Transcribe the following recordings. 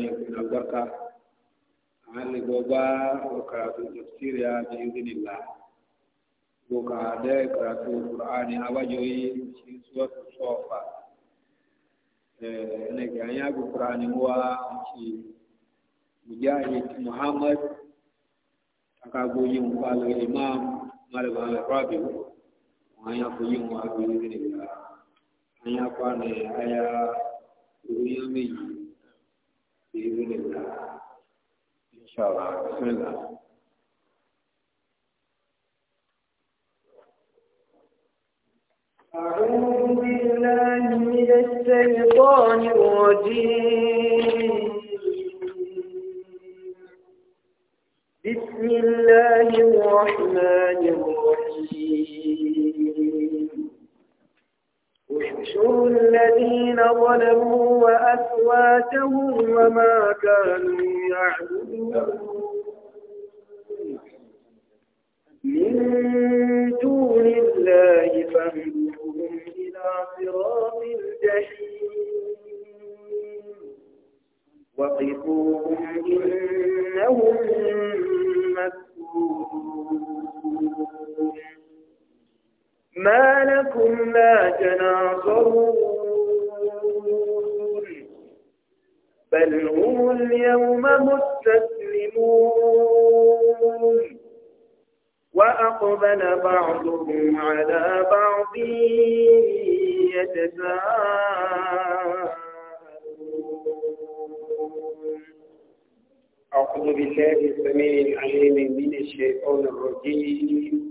ni kuna baka hali goba karatu tafsiri ya bi idhnillah boka da karatu qur'ani awajoyi shi suratu sofa eh ne ga ya bu qur'ani wa shi mujahid muhammad akagoyin falo imam malama rabi wọn ya ko yin wa bi idhnillah an ya kwana aya ruyan meji بإذن الله إن شاء الله بسم الله أعوذ بالله من الشيطان الرجيم بسم الله الرحمن الرحيم احشروا الذين ظلموا وأسواتهم وما كانوا يعبدون من دون الله فاهدوهم إلى صراط الجحيم وقفوهم إنهم مسؤولون ما لكم لا تناصرون بل هم اليوم مستسلمون وأقبل بعضهم على بعض يتساءلون أعوذ بالله السميع العليم من الشيطان الرجيم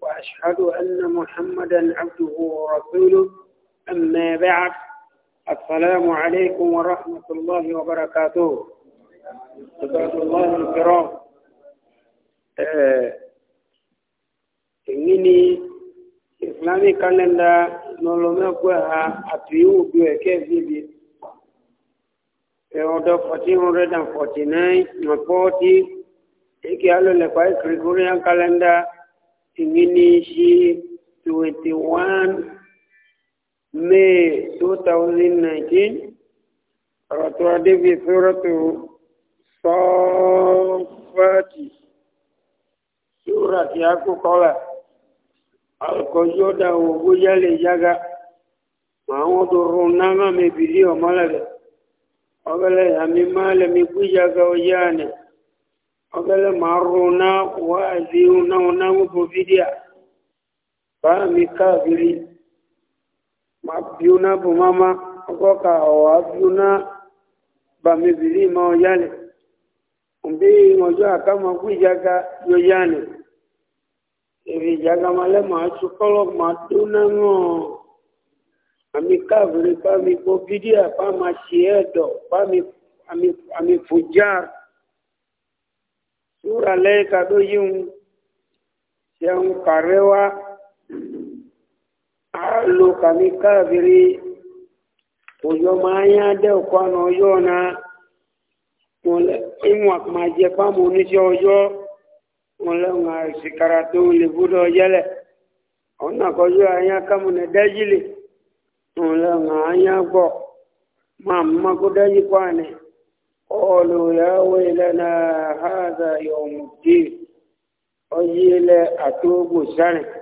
وأشهد أن محمدا عبده ورسوله أما بعد السلام عليكم ورحمة الله وبركاته عباد الله الكرام إنني إسلامي كالندا نولوما كوها أتيو بيوكي بيبي ọdọ 1449 na 40 ike alolekwa Gregorian calendar ìwíní 21 may 2019, thousand nineteen suratu tó Surat yaku kola sóra tí a kó kọ́là alùkọ́jú ọ̀dà ògbójá lè jága àwọn tó rún ogele maruna wazi unaonangu vidia bami kavili mabiuna bumama ogoka wabiuna bami vilima oyale umbi ngojo kama kujaga yoyane evijaga male masukolo matuna ngo amikavili pa kovidia pa pami ami, ami fujar sura lẹ́ẹ̀ka tó yíun ṣẹun kàrẹ́wá àlò kàmí káàbìrì òjò máa ń yá dẹ́ ọ̀kọ́ àná ọjọ́ náà ìwọ̀n àkùmá jẹ fáwọn oníṣẹ́ ọjọ́ wọn lẹ́wọ̀n àṣìkàrà tó lè búdọ̀ yẹlẹ̀ ọ̀nà àkọ́jọ́ àyà kámúnẹ̀ dẹ́jìlì wọn lẹ́wọ̀n àyà gbọ́ máa mọ́kó dẹ́jì kọ́ àná. قالوا يا ويلنا هذا يوم الدين أجيل أتوب سنة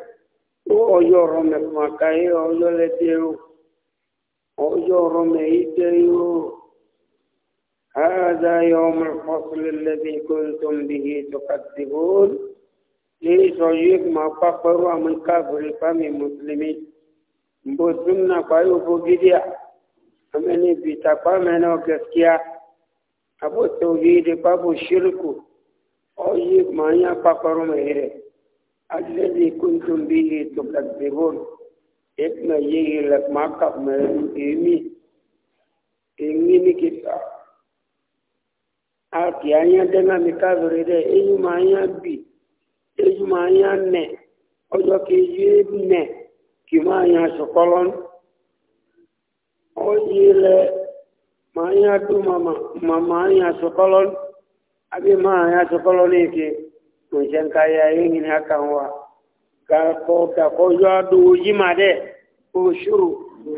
وأجرم مكاي أجلتيو أجرم إيتيو هذا يوم الفصل الذي كنتم به تكذبون ليس يجيك ما فقروا من كافر فمن مسلمين بوتمنا فايو بوغيديا أمني بيتاقا منو كسكيا abo tauhidi papo shirku oyi manya paparo mere alladhi kuntum bihi tukadzibun itna e lak makab meru imi ingini kita a anya dena mikavire de eyi manya bi eyi manya ne ojo keji ne kimanya sokolon oyi le maanya tu mama mamanya sokolon abi maanya sokolon iki kunchen kaya yengi ni akanwa ka ko ka ko ya du yimade ushuru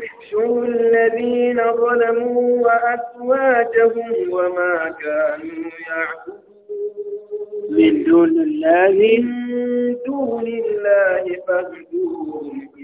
احشروا الذين ظلموا وأزواجهم وما كانوا يعبدون من دون الله من دون الله فاهدوهم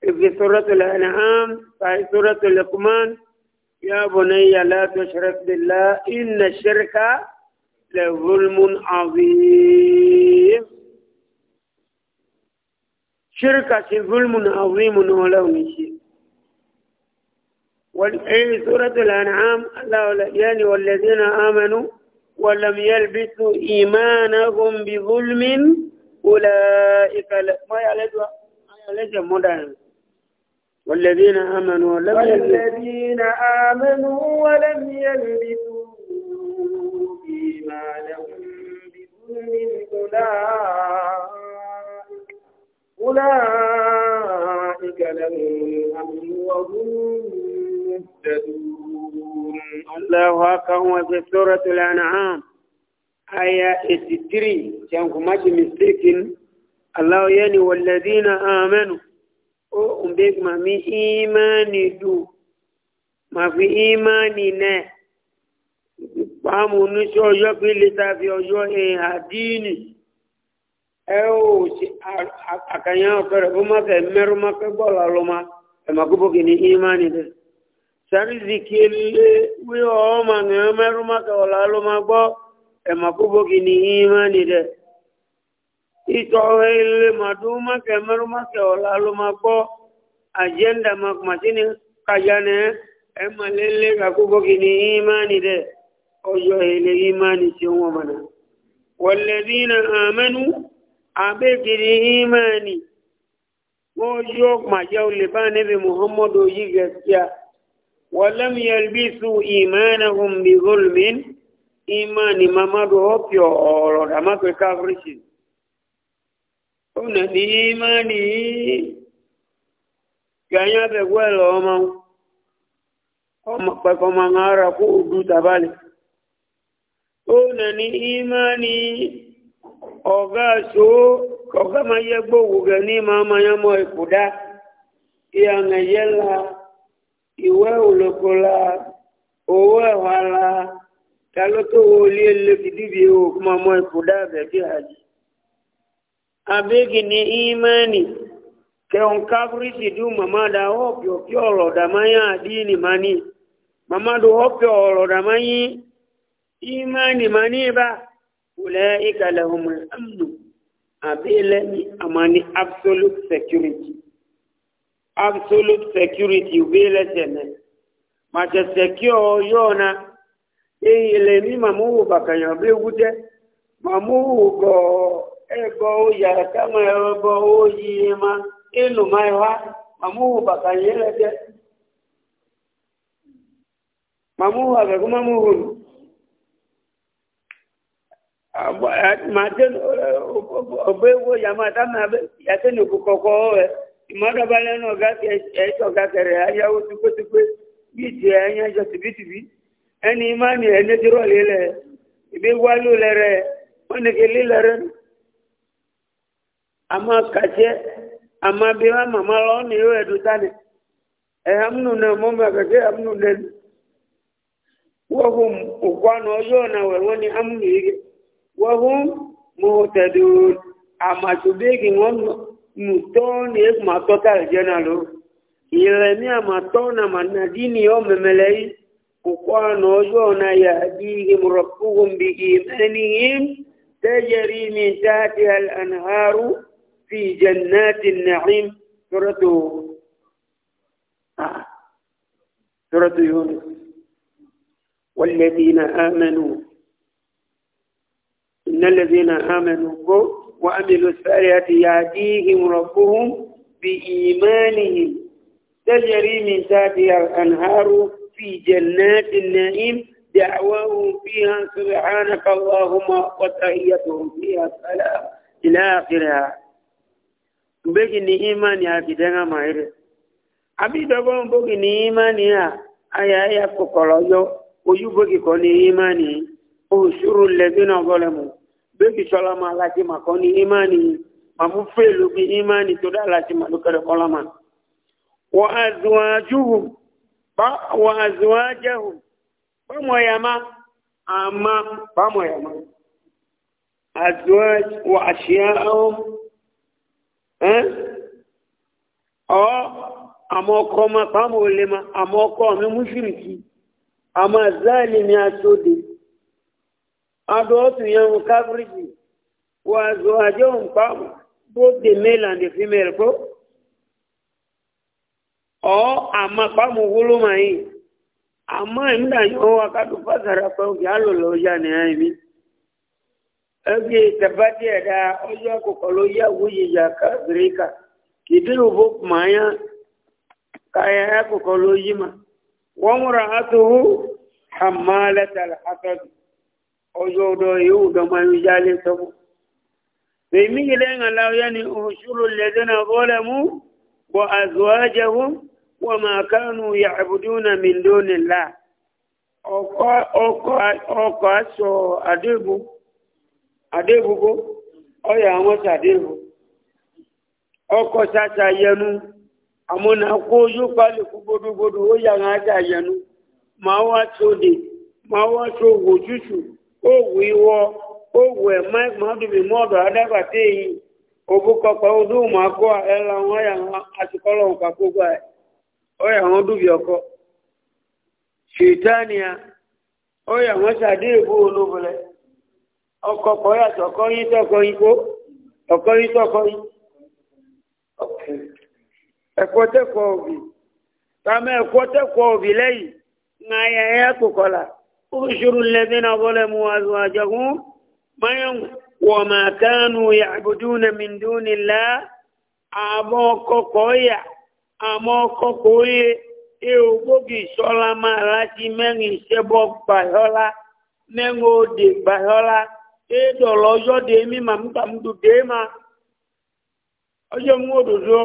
في سورة الأنعام في سورة الأقمان يا بني لا تشرك بالله إن الشرك لظلم عظيم شركة ظلم عظيم ولو نشي وفي سورة الأنعام الله يعني والذين آمنوا ولم يلبسوا إيمانهم بظلم أولئك ما يلجأ ما يلجأ مدعم والذين آمنوا ولم والذين آمنوا ولم يلبسوا إيمانهم بظلم أولئك أولئك لهم الأمن وهم مهتدون الله أكبر في سورة الأنعام آية 63 كان ماشي مستيكن الله يعني والذين آمنوا o umbegu mami imani du mafi imani ne pamu nuso oyo fi lita fi oyo eha dini ẹ e o àkànyàn ọkẹrẹ bó má ẹ má gbogbo kìíní imani dẹ sárízìkì lé wíwọ ọmọ ngẹ imani itowe ile maduma ke maruma ke olalu mako agenda mak majini kajane ema lele kakubo kini imani de ojo ile imani si won bana walladina amanu abekiri imani ojo maja ule ba nabi muhammad oji gaskiya walam yalbisu imanahum bi zulmin imani mamadu ọ̀nà ní máa ní yàyà bẹ̀gbọ́ ẹ̀lọ ọmọ ọmọ pẹ̀kọ́ ma ń ara kó òdú tàbálì ọ̀nà ní máa ní ọ̀gá ṣó ọ̀gá ma yẹ gbówó gẹ̀ ní máa ma yẹ mọ́ ìkùdá ìyànà yẹ la ìwẹ́ òlòkó owó ẹ̀wà la ta ló lè fìdí bí o kó ma ìkùdá bẹ̀ bí àjì abegi ni imani on kabri sidu mama da hopyo kyoro da maya dini mani mama do hopyo oro da mayi imani mani ba ulaika lahumul amnu abele ni amani absolute security absolute security ubele tene macha secure yona ile ni mamu bakayo be gute mamu go ẹgbọ oyà kama ẹgbọ oyi ma inu ma wa mamuhu baka yẹ lẹjẹ mamuhu akẹkọ mamuhu nù màtẹ ọbẹ wo yàmà tàmí abẹ yàtẹ nìkú kọkọ ọwẹ ìmọdọba lẹnu ọgá ẹjọ ọgá kẹrẹ ayáwó tukwetukwe bíi tiẹ ẹyẹ ẹjọ tìbítìbí ẹni imáni ẹnẹdúrọ lílẹ ìbí wálú lẹrẹ wọn nìkẹ lílẹrẹ nù ama kache ama biwa mama lo ni yo edutane e hamnu na mama kake hamnu den wahum ukwano yona we woni hamnu ige wahum muhtadun ama tubegi ngono mutoni ek matota jenalo yeremia matona manadini yo memelei ukwano yona ya ajigi murakuhum bi imanihim tajri min tahtiha al-anharu في جنات النعيم سورة آه، سورة يونس والذين آمنوا إن الذين آمنوا وعملوا الصالحات يهديهم ربهم بإيمانهم تجري من تحتها الأنهار في جنات النعيم دعواهم فيها سبحانك اللهم وتحيتهم فيها السلام إلى آخرها begi ni imani akidanga maire abidogo mbogi ni imani ya aya ya kokoloyo oyubogi ko ni imani ushuru ledina golemu begi salama lati makoni imani mamu felu bi imani to da lati malukare kolama wa azwajuhum ba wa azwajahum pamoyama ama pamoyama azwaj wa ashiyahum ọ àmọ́ ọkọ ma pàmò olè ma àmọ́ ọkọ mi mùsùlùmí àmọ́ záàlì ni aṣọ́dẹ adọ́ọ̀tù yẹn káfíríkì wà zọ àjọ nǹpa both the male and the female kó ọ àmọ́ pàmò wúlò mà yìí àmọ́ ìmúdàyọ̀ wà kátó fásara pẹ̀lú kí á lò lọ́ọ́ yá nìyá yìí. ege tabati ada oya kokoloya wuyija kafirika kidiru bok maya kaya kokoloyima ya muratuhu hamalat alhatab ojo do yu do mayujale to be mi gilenga law yani ushuru alladhina zalamu wa wa ma kanu ya'buduna min dunillah oko oko oko aso adébúgbó ọyà àwọn sàdéhù ọkọ̀ sáta yẹnu àmúna kó yóò pálẹ̀ kú gbódúgbódú ó yà wọn ájá yẹnu máa wá sóde máa wá só wò tútù ó wù ìwọ ó wù ẹ̀ mike mọ́dúnmí mọ́ọ̀dọ̀ yìí ọdún máa wọn wọn ọyà wọn ọkọ ọyà wọn ọkọ kọ yàtọ̀ ọkọ yín tọkọ igbó ọkọ yín tọkọ yín. ẹ̀kọ́ tẹ́kọ̀ọ́ òbí tàmí ẹ̀kọ́ tẹ́kọ̀ọ́ òbí lẹ́yìn ní ayé ẹ̀yà kòkọ́lá ó ṣòro lẹ́bí náà wọ̀ máa kánú nílá àmọ́ yà àmọ́ yẹ edọlọ ọjọ dị emi ma mta m du ma ọjọ m ododo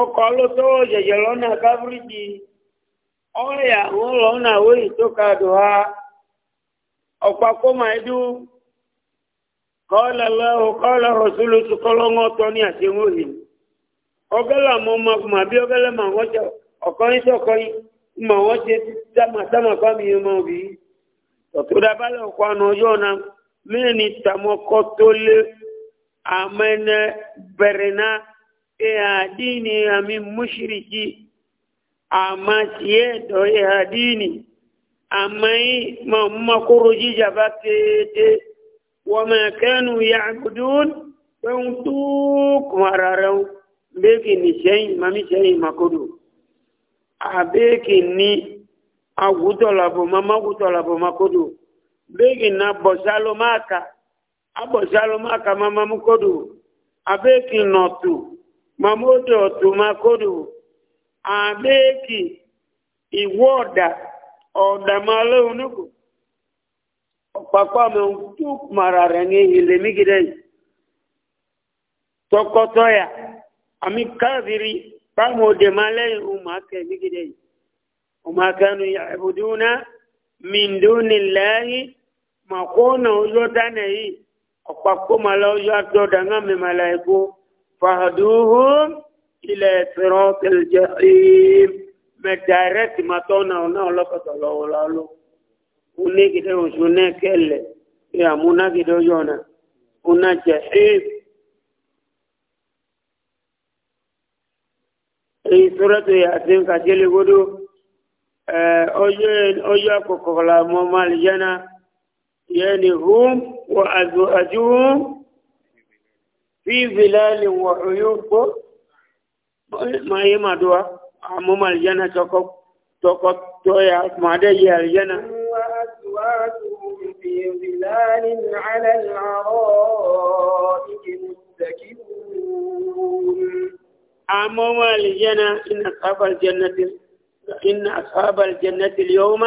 ọkọ ọlụsọ yẹyẹ lọnà gáfíríjì ọrịa wọn lọnà wẹyì tó ha ọ̀pá ma ẹdú kọ́lá lọ́wọ́ kọ́lá rọ̀súlù ma kùmà bí ma wọ́n ma wọ́n jẹ sáma sáma fámi mini tamoko tole amene berena ya e dini ya min mushriki ama tiye do ya e dini amai ma makuruji jabakete wama kanu ya'budun don tuk mararau beki ni sey mami sey makudu abeki ni agutolabo mama gutolabo makudu begi na bosalo maka abosalo maka mama mukodu abeki notu mamodo otu makodu abeki iwoda odamale unugu ọ̀pàpàmọ̀ tuk mara rẹ̀ ní ilẹ̀ mígidẹ̀ yìí tọkọtọya àmì káàbìrì báwọn òdè máa lẹ́yìn ọmọ akẹ́ mígidẹ̀ yìí ọmọ akẹ́nu ìbùdó náà min dunillahi ma kona ujo dane yi opakoma la ujo atoda ngame malaiku fahduhum ila siratil jahim medareti matona ona olokoto lowolalo une kide usune kele ya muna kide ujona una jahim Suratu Yasin kajeli gudu ọjọ́ kòkòrò mọ́ màlìjánà yẹni hum wa azúhum fi bilali wa oyúkó ma yí ma duwa àmọ́ màlìjánà tọkọ tọya ma dẹ́ yí àlìjánà وأزواجهم في ظلال على العرائك متكئون أمام الجنة إن أصحاب إن أصحاب الجنة اليوم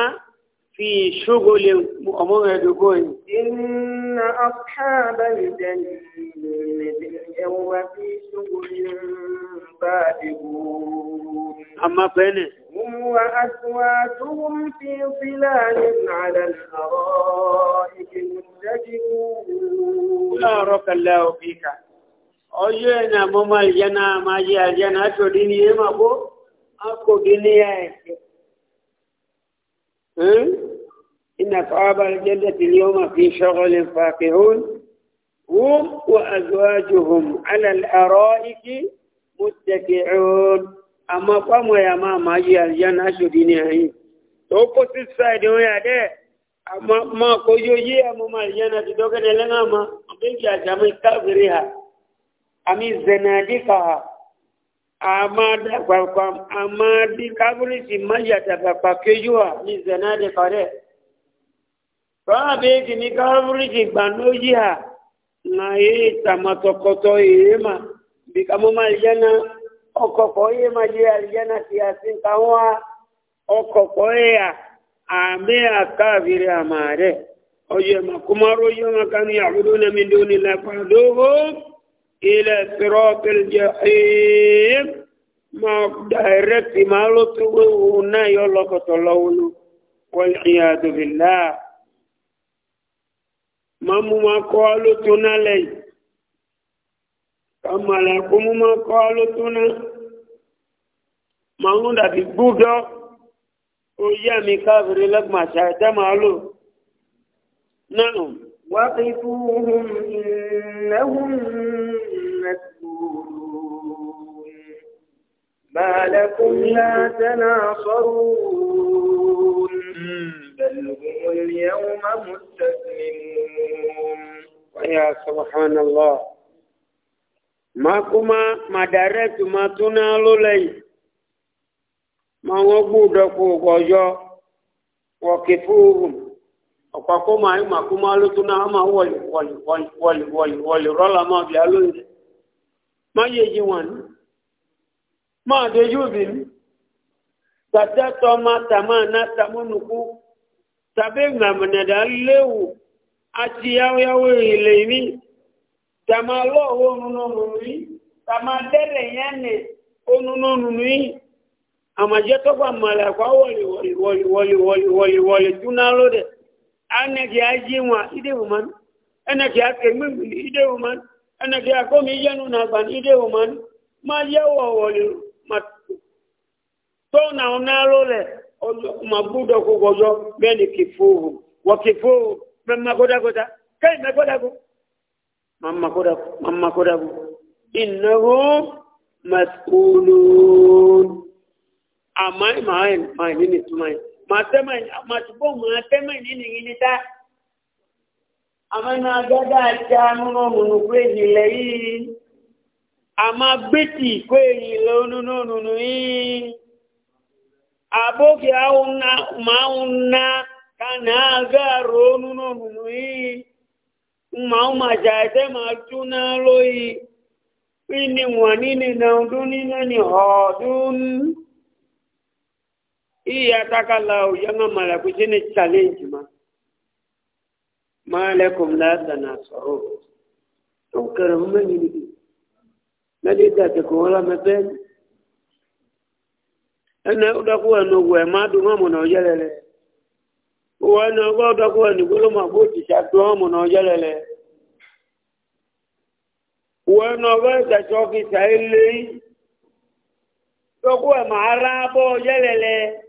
في شغل أمور دقوي إن أصحاب الجنة اليوم في شغل فاتحون أما فين هم وأزواجهم في ظلال على الأرائك متكئون بارك الله فيك أيها مما الجنة ما جاء الجنة ما يمكو أكو دنيا إن أصحاب الجنة اليوم في شغل فاقهون هم وأزواجهم على الأرائك متكئون أما قاموا يا ماما هي الجنة شو دنيا هي توقف السعيد ويا ده أما ما كوجي أما ما الجنة تدوكن لنا ما أبيك يا جماعة كافرها أمي زنادقها amada kwa kwa amadi kaburi simaji atakapakejua ni zenade kare kwa beki ni kaburi ha na hii tamatokoto yema bikamu maliana okoko yema je aljana kiasi kawa okoko ya ame akavire amare oje makumaro yema ya huduna min duni la faduhum إلى صراط الجحيم ما دايركت ما لطونا يلقى تلون والعياذ بالله ما ما قالوا تنا لي كما لكم ما قالوا تنا ما هو دابي بوغا ويا مي كافر لك ما شاء ما لو نعم وقفوهم إنهم مسؤولون ما لكم لا تناصرون بل هم اليوم مستسلمون ويا سبحان الله ما كما ما دارت ما تنالو لي ما وقودك وقجا وقفوهم ọ̀pàkó máa ń màkú máa ló tó náà máa wọ̀lì wọ̀lì wọ̀lì wọ̀lì wọ̀lì rọ́là máa bìá lóyún má yé yí wọn ni máa dé yóò bì mí gbàtà tọ́ máa tà máa ná tamúnukú tàbí gbàmùnẹ̀dà léwu àti yáwóyáwó ìlè mi tàmá lọ́wọ́ onúnọ́nùnú yìí tàmá dẹ́rẹ̀ yẹn ni onúnọ́nùnú yìí àmàjẹ́tọ́gbà mọ̀lẹ́kọ́ wọ̀lì wọ̀lì wọ̀lì wọ̀lì wọ̀lì wọ̀lì túná lóde. anagi aji nwa idewoman anagi akemgbemgbili idewoman anagi akomi yanu na agban idewoman ma yawo wole ma to na onalo le ma budo ko gojo beni kifuhu wa kifuhu mamma goda goda kai me goda go mamma goda mamma goda go innahu mas'ulun amai mai mai ni tumai màtúbọ̀ máa tẹ́mọ̀ nínú yìí ní tá. àmọ́nà agbádá àti amúnà òmùnú pé ìlẹ̀ yìí a máa gbẹ́tì pé ìlẹ̀ onúnúnú yìí àbókè máa ń ná kánà agáàrò onúnúnú yìí máa ń màjà ẹ̀tẹ́ máa túná lóyìí píníwọ̀n nínú ọdún nínú ọdún iya takalau yanga malaku shine challenge ma malakum la tanasuru to karama ni na dita te ko la meten ana udakuwa no gwe madu ngamo no yelele wana kwa udakuwa ni golo maboti shatu ngamo no yelele wana kwa tachoki saili Tọ́kú ẹ̀ máa rábọ̀ yẹ́lẹ̀lẹ́.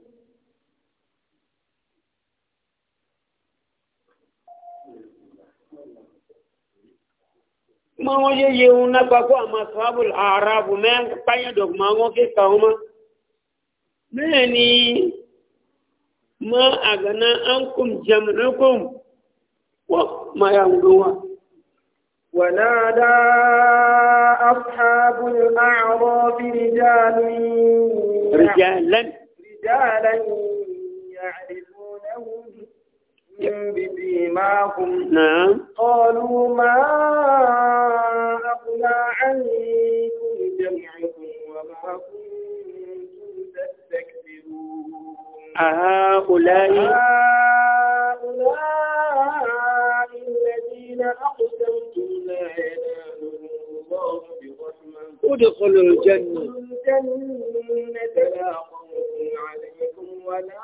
ma wọ́n yé yé wọn náà gbàgbọ́ àmọ́ sábàbù àràbù mẹ́rin pàyẹ̀dọ̀ ma wọ́n ké kàwọn ma bẹ́ẹ̀ ni ma àgànà ankum jẹmùnúkùm wọ́n ma yà ń gbọ́n wa. ونادى أصحاب الأعراف رجال رجالا رجالا يعرفونهم بهم بسيماهم نعم قالوا ما أغنى عنكم جمعكم وما كنتم تستكبرون أهؤلاء أهؤلاء الذين أقسمتم لا ينالهم الله برحمة ادخلوا الجنة الجنة لا خوف عليكم ولا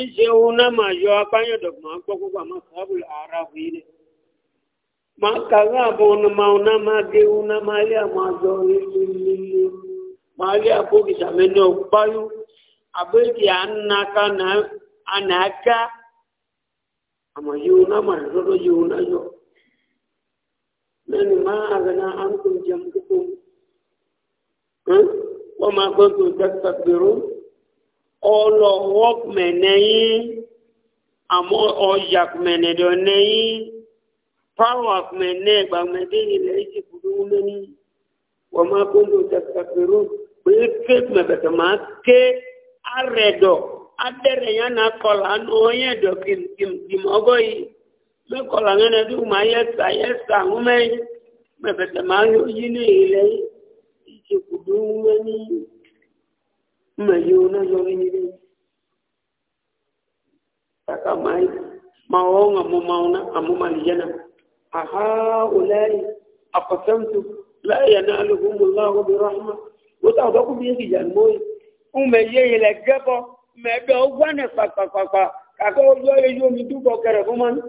ìṣeun náà máa yọ apáyọ̀dọ̀ máa ma gbogbo àmọ́ sábùlù ara wí ni máa kàrí àbọ̀ onímọ̀ náà máa gé un náà máa lé àwọn àjọ lílé máa lé àbókìsà mẹ́ni ọgbáyú àbẹ́kì ànáka ànáká àmọ̀ yíun náà máa lọ́dọ̀ ma na njem wọ́n máa gbọ́n tó tẹ́tẹ́gbèrú ọlọ́wọ́pẹ̀ nẹ́yìn àmọ́ ọjàpẹ̀ nẹ́dọ̀ nẹ́yìn pàwọ́pẹ̀ nẹ́ gbàmẹ́dẹ́ ilẹ̀ ìjìkú lówó lẹ́ni wọ́n máa gbọ́n tó tẹ́tẹ́gbèrú pé ké mẹ̀bẹ̀tẹ̀ máa ké arẹ̀dọ̀ adẹ́rẹ̀ yẹn náà kọlà ní ọyẹ́ ẹ̀dọ̀ kìmkìm ọgọ́ yìí mẹ́kọlà nínú ẹ̀dùn máa yẹ mẹ́ni mẹ́yọ lọ́yọrí nílé kàkà máa máa wọ́n àmúmàlìyànà àhá òláyé àpàtàntù láyé náà lóhùnmùláwọ́ bí rahma ó tàbí ọkùn bí èkì jàmóyì ń mẹ́yẹ ilẹ̀ gẹ́kọ́ mẹ́gbẹ́ ó wánà pàpàpàpà kàkọ́ ọjọ́ eyó mi dúbọ̀ kẹrẹ̀ fún mọ́nà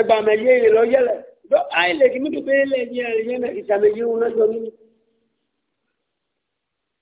ẹgbà mẹ́yẹ ilẹ̀ ọyẹ́lẹ̀ àìlẹ̀ kí mí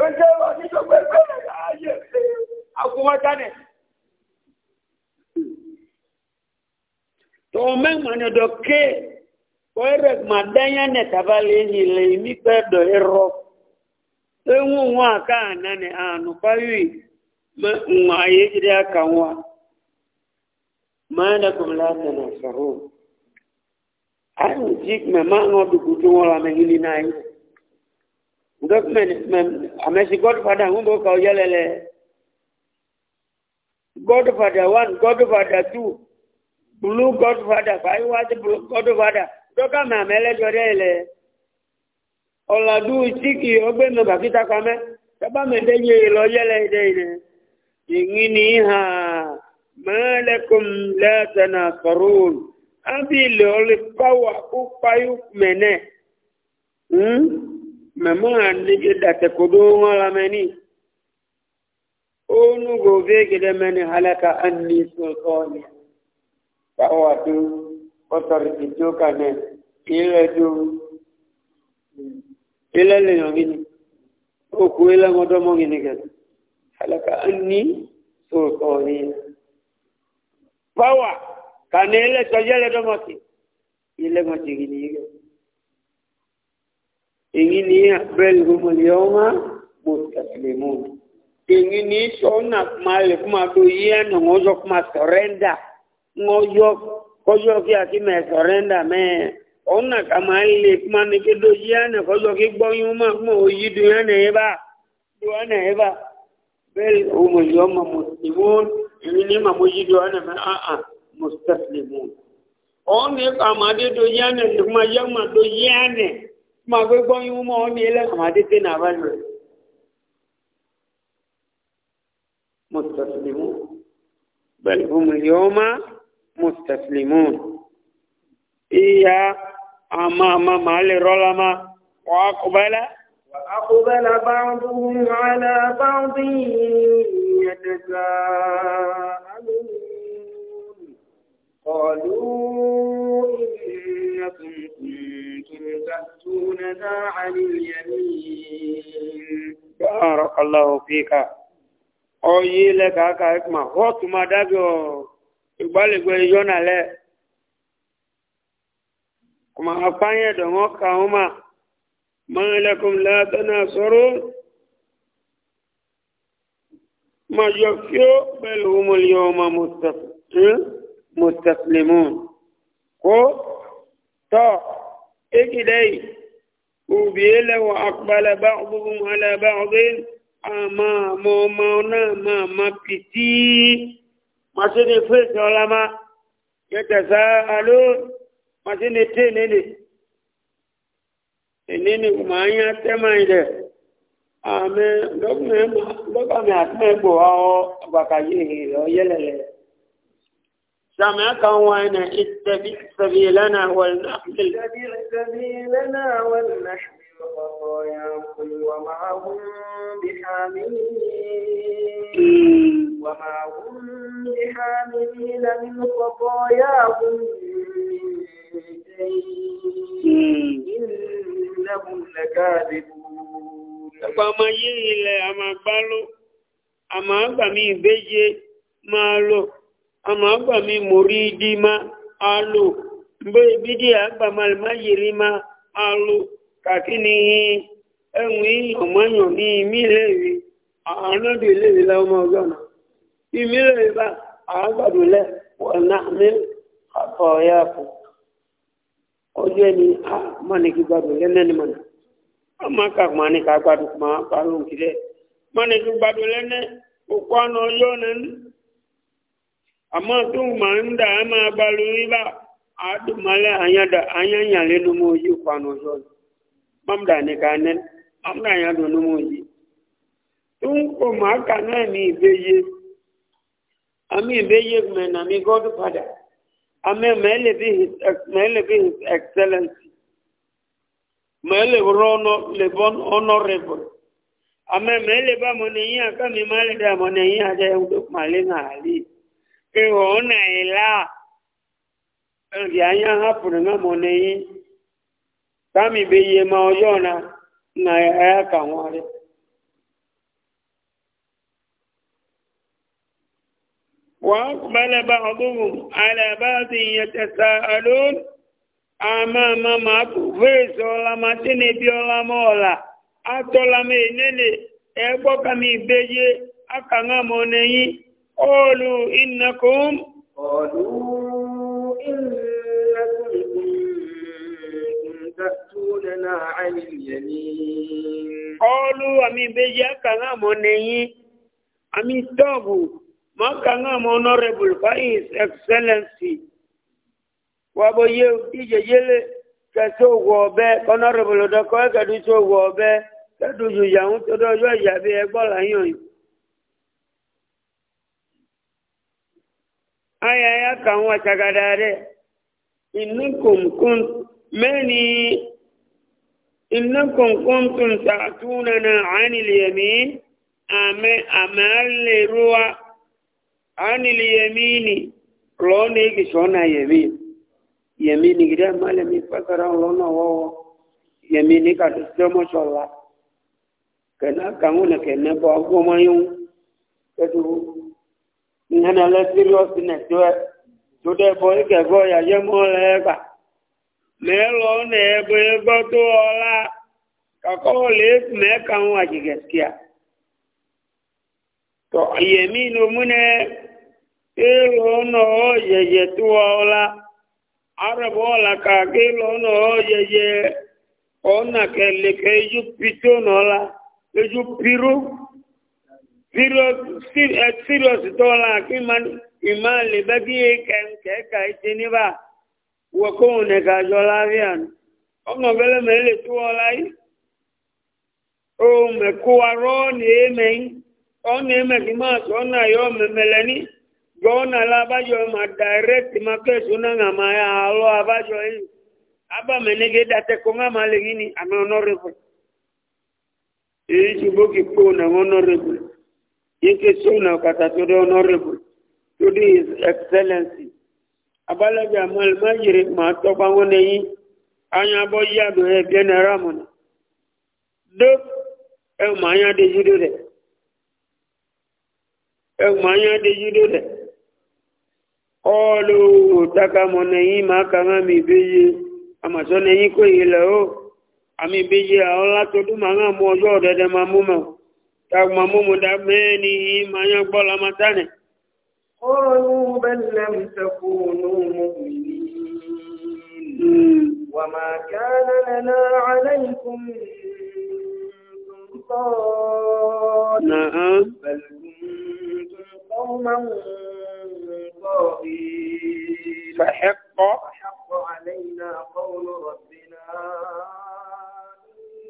ó jẹ́ oníṣògbè bẹ́ẹ̀ láàyè àkúwọ́ jáde. tó mẹ́gbọ̀n ni ọ̀dọ̀ ké ọ̀rẹ́ màdáyà ní tàbálẹ̀ yìí lè mí pẹ́ dọ̀ ẹ̀rọ tó ń wọ́n àká àná ni àánú fáyì mọ̀ ayé jíde àkà wọn. máa ń láti nà sọ̀rọ̀ àrùn jí mẹ́má ń wọ́n dùkú tó wọ́n ra mẹ́yìn government amesi godfather ń bọ́ ka ọ godfather one godfather two blue godfather five white blue godfather dọ́kà mi àmẹ́lẹ́jọ dẹ́ ilẹ̀ ọ̀làdú síkì ọgbẹ́ mi bàkítà kamẹ́ sábà mẹ́tẹ́ yé lọ yẹlẹ dẹ́ ilẹ̀ ìyìn ní hà mẹ́lẹ́kùn lẹ́tẹ̀nà sọ̀rọ̀ọ̀lù ábí ilẹ̀ ọ̀lẹ́ pàwọ́ àkópa yóò mẹ́nẹ́ mɛmaa nege date kodoŋɔ lamɛni onugo oh, vegede mɛni halaka anni sultania pawa do autorité do kanɛ ilɛ do ilɛ lenyɔgini oku ilɛ ŋɔdɔmɔgini kɛ halaka anni sultania pawa kanɛ ilɛ tɔjɛ lɛ dɔmɔti ilɛ ŋɔtigini yi kɛ èyí ni abẹ́lẹ̀ gbogbolẹ̀ ọmọ mọ̀tàkìlẹ̀mọ́ èyí ni sọ́nà máa lè kó máa tó yí ẹ̀nà wọ́n yọ kó máa sọ̀rẹ́ndà wọ́n yọ kọjọ́ kí àti mẹ́ sọ̀rẹ́ndà mẹ́ẹ̀ ọ̀nà kà máa lè kó máa ní kí tó yí ẹ̀nà kọjọ́ kí gbọ́yún máa mọ̀ òyì dùn ẹ̀nà yẹn bá dùn ẹ̀nà yẹn bá bẹ́ẹ̀ máa gbé gbọ́ yín mọ́ ní ẹlẹ́nu àdédé náà bá lò rẹ̀. mùsùlùmí bẹ̀rẹ̀ fún yóò má mùsùlùmí ìyá àmà àmà màá lè rọ́lá má wà á kó bẹ́lẹ̀. قالوا إنكم يكون ذا عن اليمين بارك الله فيك oyi le kaka ikma hotu ma dabi o igbalegbe yona le kuma afanye don o ka uma man lakum la tanasuru ma yofio bel humul yawma mustaslimun ko to ikidai وبيلا وأقبل بعضهم على بعض أما مومونا ما مكتي ما سنفيت علماء يتساءلون ما سنتينني إنني ما يتمعي àmì lọ́gbàmì àtúnẹ̀gbò àwọ̀ àgbàkàyè ìrọ̀ yẹ́lẹ̀lẹ̀ كما كونا اتبع سبيلنا ولنحمل سبيلنا ولنحمل خطاياكم وما هم بحاملين وما هم بحاملين من فما يهي لأما قالوا أما أبا بيجي ما ama agba mi mori di ma alu mgbe bidi agba mali ma yiri ma alu kakini enwe ọmọnyo ni imilewi anọdụ ilewi la ọmọ ọjọ na imilewi ba agbadule wana mi afọ ya afọ ọjọ ni a maniki gbadule nani mana ama ka maniki agbadu ma palu nkide maniki gbadule ne ụkwa na ọjọ nani ama tụghi m'anaghị m daa ama gbalịrị ịba adụ ma ịla anya anya nyalé n'ụmụ ojii kwanu zọlị ma mụ daa anyị gaa n'éne amụ n'anya dị n'ụmụ ojii tụghi m kpọmọ akana na m ibe ye amị mi god mè nà mị gọdụ pada à mè ma elebi his ma elebi his excellence ma elebi hono lebi honourable à mè ma elebi ama na ihe aka m'ma ịla ịla na ihe ndị agha e nwụrụ nkpali ọ na ịla ri anya hapụrụ na mọneyi tamibe ihe ma ọjọọ na na ya ka nwari وأقبل بعضهم على بعض يتساءلون أما ما ما فيس ولا ما تنبي ولا أبوك قالوا إنكم قالوا إنكم كنتم تأتوننا عن اليمين قالوا أمي بيجا كنا مني أمي تابو ما كنا honorable فايز excellency وابويه يجيجيل kẹsí òwò ọbẹ honorable ọdọkọ ẹkẹdùsí òwò ọbẹ kẹdùsí ìyàwó tó dọjọ ìyàbí ẹgbọ làyàn yìí aya ya kan wata gadare innakum kun mani innakum kuntum ta'tunana 'anil yamin ame amalle ruwa 'anil yamini lone ki shona yamin yamini gida malami fasara lona wo yamini ka tsemo sholla kana kanuna kenna ba goma yun kadu ìyẹn lẹ seriousness tó ẹ tó dẹ bọ ìkẹgbọ yàyẹ mọ lẹ gbà mẹ lọ nà ẹ bọ ẹgbọ tó ọlá kakọ lè mẹ kàn wà jìgẹ kíá tọ yẹmí ló múnẹ ẹ lọ nà ọ tó ọlá arẹbọ ọlà kàkẹ lọ nà ọ ẹjú pitó nà ọlá ẹjú pirú serious eh, tọ́la kí ìmá lè bẹ́ kí kẹ́ẹ̀kà ìṣe níbà wọ kóhùn nìkan jọ láàrin àná ọmọ bẹ́lẹ̀ mẹ́rin lè tó wọn láyé ohun mẹ́kó wa rọ́ ní èèmẹ́yìn ọ̀nà èèmẹ́kì máa sọ ọ́nà yọ mẹ́mẹ́lẹ́ ní gọ́ọ̀nà alábájọ máa direct market náà máa yà á lọ abájọ yìí ni àmì honorable èyí ṣùgbọ́n kì í kó ọ̀nà honorable yake suna kata to the honorable to the his excellency abalabi amal majiri ma to pa won yi anya bo ya do e bi na ramon do e ma anya de judo de e ma anya de judo de olu taka mo ne yi ma ka ma mi beye ama so ne yi ko yi le o ami beye awon la to du ma nga mo ojo de de ma تاكما مومو دابيني ما يقبل متاني قالوا بل لم تكونوا مؤمنين وما كان لنا عليكم سلطان نعم بل كنتم قوما طاغين فحق فحق علينا قول ربنا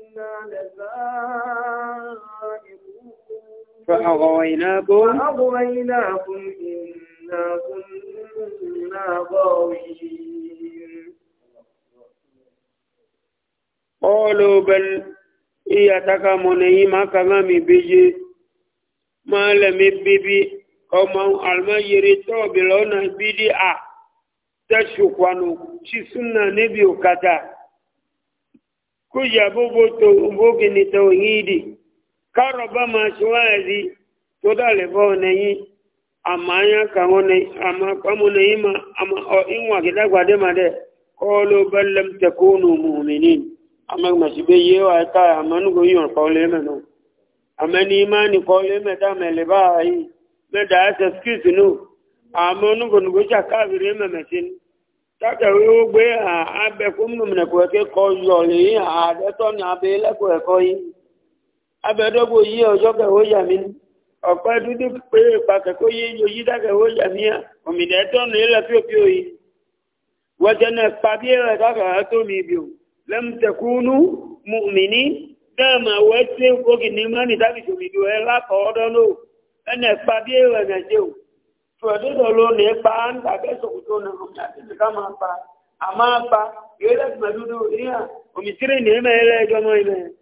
إنا لذائقون فأغويناكم فأغويناكم إنا كنا غاوين قالوا بل إياتك منيما كما بيجي ما لم بيبي أما المجري توب لون بدي أ تشوكوانو شي سنة نبي وكذا كجا بوبو تو بوكي نتوهيدي kárọ̀ bá máa ṣíwáàrí tó dàlẹ̀ bọ́ ọ̀nẹ́yìn àmàkàmọ́nẹ́yìn ìwọ̀n àgídágbàdé máa dẹ̀ kọ́ọ̀lọ́ bẹ́lẹ̀m tẹkónù mùmìnì amẹ́gbàṣígbé yé wà ká àmọ́nùgbò yíyàn kọ́ọ̀lẹ́ mẹ́nu àmẹ́ni ìmáàni kọ́ọ̀lẹ́ mẹ́ta mẹ́lẹ̀ báyìí mẹ́ta ẹsẹ̀ skills nù àmọ́nùgbònùgbò abẹ́dọ́gbò yí ọjọ́ kẹwọ́ yà mí ọ̀pẹ́ dúdú pé pàkẹ́kọ́ yí yoyí dákẹ́wọ́ yà mí à òmìnira tọ́nù ilẹ̀ píopíò yìí wọ́jẹ́nà pàbí ẹ̀rẹ̀ dákàá tó mi bì ó lẹ́mùtẹ̀kúnú mùmíní dẹ́ẹ̀mà wẹ́ tí kókì ní mẹ́rin dábì tòmìnì ẹ̀ lápá ọdọ́ ló ẹ̀nà pàbí ẹ̀rẹ̀ nàìjẹ́ ò tùwẹ̀dọ́dọ̀ ló ní pa á náà òmìnira àti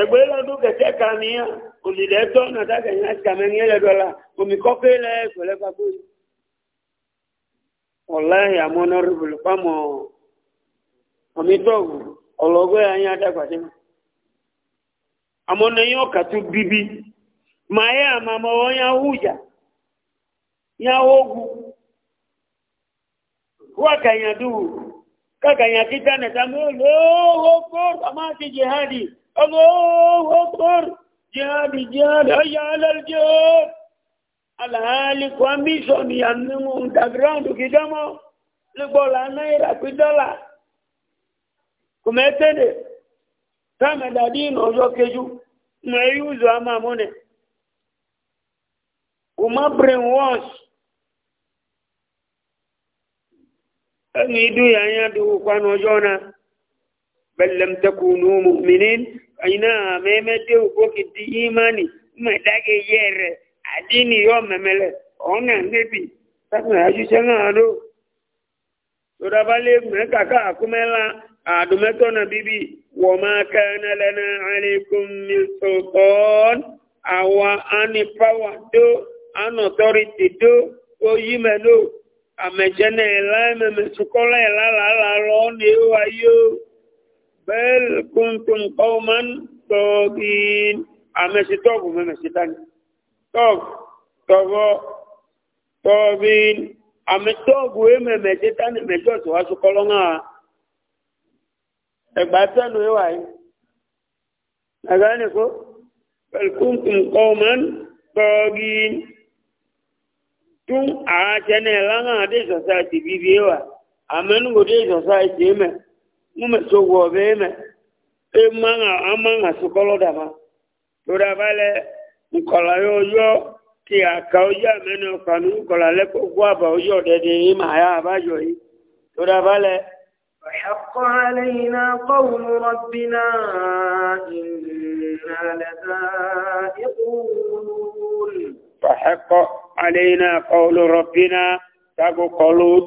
ẹgbẹ́ lọ́dún kẹ̀kẹ́ kan ní òlìlẹ̀ tọ́ nàtàkẹ̀ ní láti kàmẹ́ ní ẹlẹ́dọ́ la omi kọ́kẹ́ lẹ́ pẹ̀lẹ́ pàkó yìí. ọ̀láyìn àmọ́nà rúbùlù pàmò ọ̀mítọ́ọ̀gù ọ̀lọ́gbẹ́ ayé adágbàdé mọ́. àmọ́nà yín ọ̀kà tó bíbí màá yẹ àmàmọ́ wọn yá wújà yá wógu wákàyàn dùwù kákàyàn kíkà nàtàmọ́ lóòó kó tàmá ti jihadi. الله أكبر جهاد جهاد هيا على الجهاد alahali kwambiso ni ya mnungu underground kigamo libola naira kwidola kumetende kama dadino ozokeju mweyuzo ama mone kuma brainwash ẹni idu yanya duhu kwanu ọjọ́ náà bẹ̀lẹ̀ mtakunu muminin ina memete ukoki ti imani medage yere adini yo memele ona nebi sana aju changa ado sodabale mekaka akumela adumeto na bibi wama kana lana alaikum min sultan awa ani power do an authority do oyime no amejene ela meme sukola ela la la lo ne wa yo bẹ́ẹ̀lì kúntùn kọ́ọ̀mán tọ́ọ̀kì àmẹ́sí tọ́ọ̀bù mẹ́mẹ́sí tani tọ́ọ̀bù tọ́ọ̀bù tọ́ọ̀bù àmẹ́tọ́ọ̀bù mẹ́mẹ́sí tani mẹ́jọ́ tó wá sí kọ́lọ́ńà ẹgbà tẹ́nu ìwà yìí ẹgbà ní kó bẹ́ẹ̀lì kúntùn kọ́ọ̀mán tọ́ọ̀kì tún àá tẹ́nu ẹ̀ lánàá dé sọ́sáìtì bíbí ìwà àmẹ́nugò dé sọ́sáìtì mume sogo beme emanga amanga sokolo daba tora bale nkola yo yo ti aka oyo amene okanu nkola le kogwa ba ya abajo yi tora bale وحق علينا قول ربنا إنا لذائقون فحق علينا قول ربنا تقول قولوا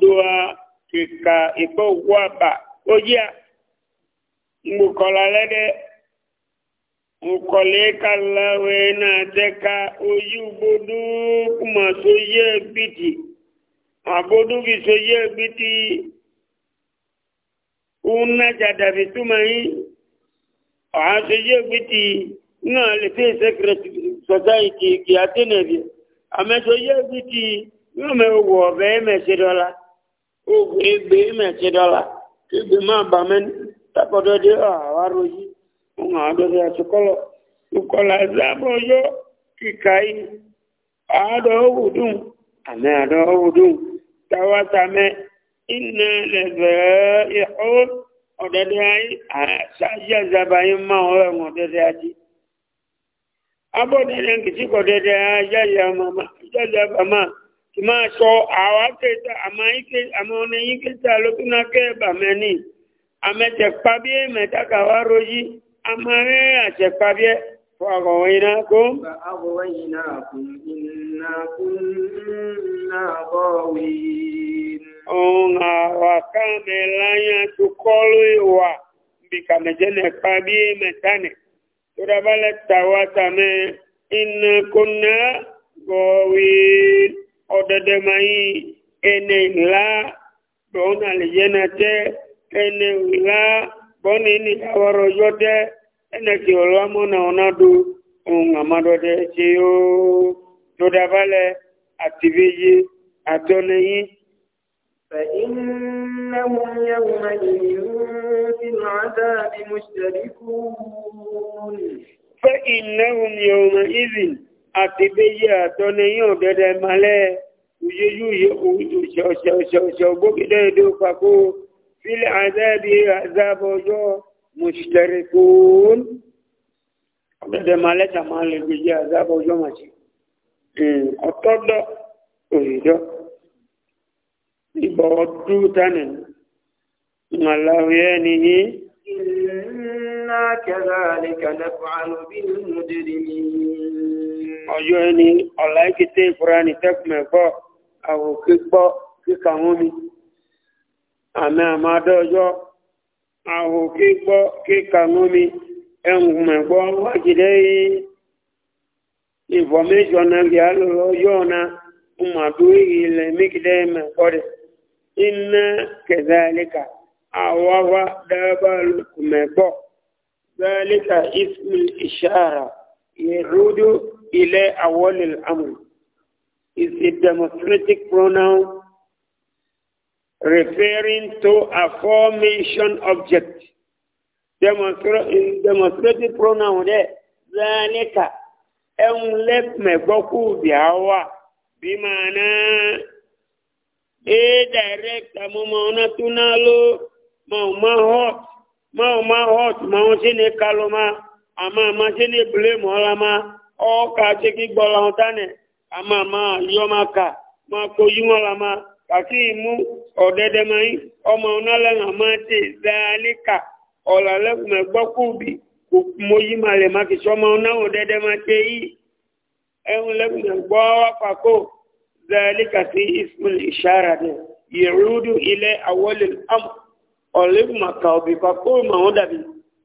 إكو وابا ojia ŋukɔla lɛ ɖe ŋukɔli kala woe na deka ka oyi bodu kuma so yɛ biti gbodu bi so yɛ biti una jadabi tuma yi ɔha so yɛ biti ŋa le fi sɛkirɛti sɔsaiti kia tena bi ame so biti ŋa me wɔ ɔbɛ mɛ se dɔ la o gbe gbe mɛ la. ibi máa bàmẹ́ mẹ́ni tápọ̀dọ̀ dé àwárò yìí wọn àádọ́dọ̀ àtúkọ́lọ̀ ìkọlà ìzábọ̀ yọ kíkà yìí àádọ́ owó dùn àmẹ́ àádọ́ owó dùn táwa sàmẹ́ iná ìhó ọ̀dẹ́dẹ́ ayé àzàbà yìí máa ń rẹ̀ wọ́n dẹ́dẹ́ ajé kìtìkọ̀ dẹ́dẹ́ máa sọ àwa kẹta àmọ́ ike àmọ́ ọ̀nà yín kẹta lókùnà kẹ́ẹ̀bà mẹ́ni àmẹ́tẹ̀pábíẹ́ mẹ́tàkà wá rojí àmọ́rẹ́ àtẹ̀pábíẹ́ fọ̀rọ̀wẹ́nà kó. Òun àwà káàmẹ́ láyá tó kọ́ lórí wà bí kàmẹ́jẹ́ nẹ̀pábíẹ́ mẹ́tánẹ̀ tó dábálẹ̀ tàwátàmẹ́ iná kó náà gọ̀wẹ́ẹ́ ọ̀dẹ̀dẹ̀ máa yí ẹnẹ ńlá bọ́ọ̀nù àlìyẹ́nà tẹ́ ẹnẹ ńlá bọ́ọ̀nù ní àwárọ̀ ọjọ́ tẹ́ ẹnẹ kì ọ̀rọ̀ amọ́nà ọ̀nà do ohun àmàdọ̀dẹ ṣe yóò lọ́dàbálẹ̀ àtìbẹ́yẹ àtọ́nẹ́yìn. فإنهم يومئذ في العذاب مشتركون فإنهم يومئذ àtibéyé àtọ́niyàn dẹ́dẹ́ malẹ́ òyeyúye òṣèṣèṣèṣè gbókèdè èdè òpapò fílẹ̀ àzábì àzábọ̀jọ́ mùsùlẹ̀rẹ̀kún dẹ́dẹ́ malẹ́ tàmà lè gbèjì àzábọ̀jọ́ màtí ọ̀tọ́dọ̀ òyìnjọ́ ìbọ̀ ọdún tánì màláwìẹ́ nìyí. إنا كذلك نفعل بالمجرمين ọjọ́ ẹni ọ̀láìkété ìfúrani tẹ́kùnmẹ̀ gbọ́ àwòké gbọ́ kíkà wọn mi àmì àmàdọ́jọ́ àwòké gbọ́ kíkà wọn mi ẹ̀hùnmẹ̀ gbọ́ wájìdẹ́ ìfọ̀mẹ́sọ̀ náà bí alòrò ọjọ́ náà umadu ilẹ̀ mẹ́kìdẹ́ mẹ́kọ́rẹ́ iná kẹzàlíkà àwọ́wá dábàlùkù mẹ́gbọ́ ذلك اسم الإشارة يعود إلى أول الأمر is a demonstrative pronoun referring to a formation object. demonstrative pronoun there, ذلك ẹ̀hún lẹ́pẹ̀ gbọ́kú ìdíháwà bí máa náà é direct àmọ́mọ́ ọ̀nà tó náà ló máa hot máa hot máa ń ṣe àmọ́ àmọ́ ṣe ní bílẹ̀mù ọ̀la máa ọ̀ọ́ka ṣe kí gbọ́ wọn tánẹ̀ àmọ́ àmọ́ yọ máa kà máa kojú wọn la máa kàkí ìmú ọ̀dẹ́dẹ́ máa yín ọmọ onálẹ́hìn àmọ́ ṣe dáálíkà ọ̀là lẹ́kùnmẹ̀ gbọ́kùbì mojí máa lè máa kìí sọmọ onáwó dẹ́dẹ́ máa ṣe yí ẹ̀hún lẹ́kùnmẹ̀ gbọ́ wá pàkó dáálíkà sí ìsúl ìṣára dẹ̀ yẹ̀rúdù ilẹ̀ àwọlé ọ̀lẹ́kùnmẹ̀ kà ọ̀bì pàkó màwọn dàbí.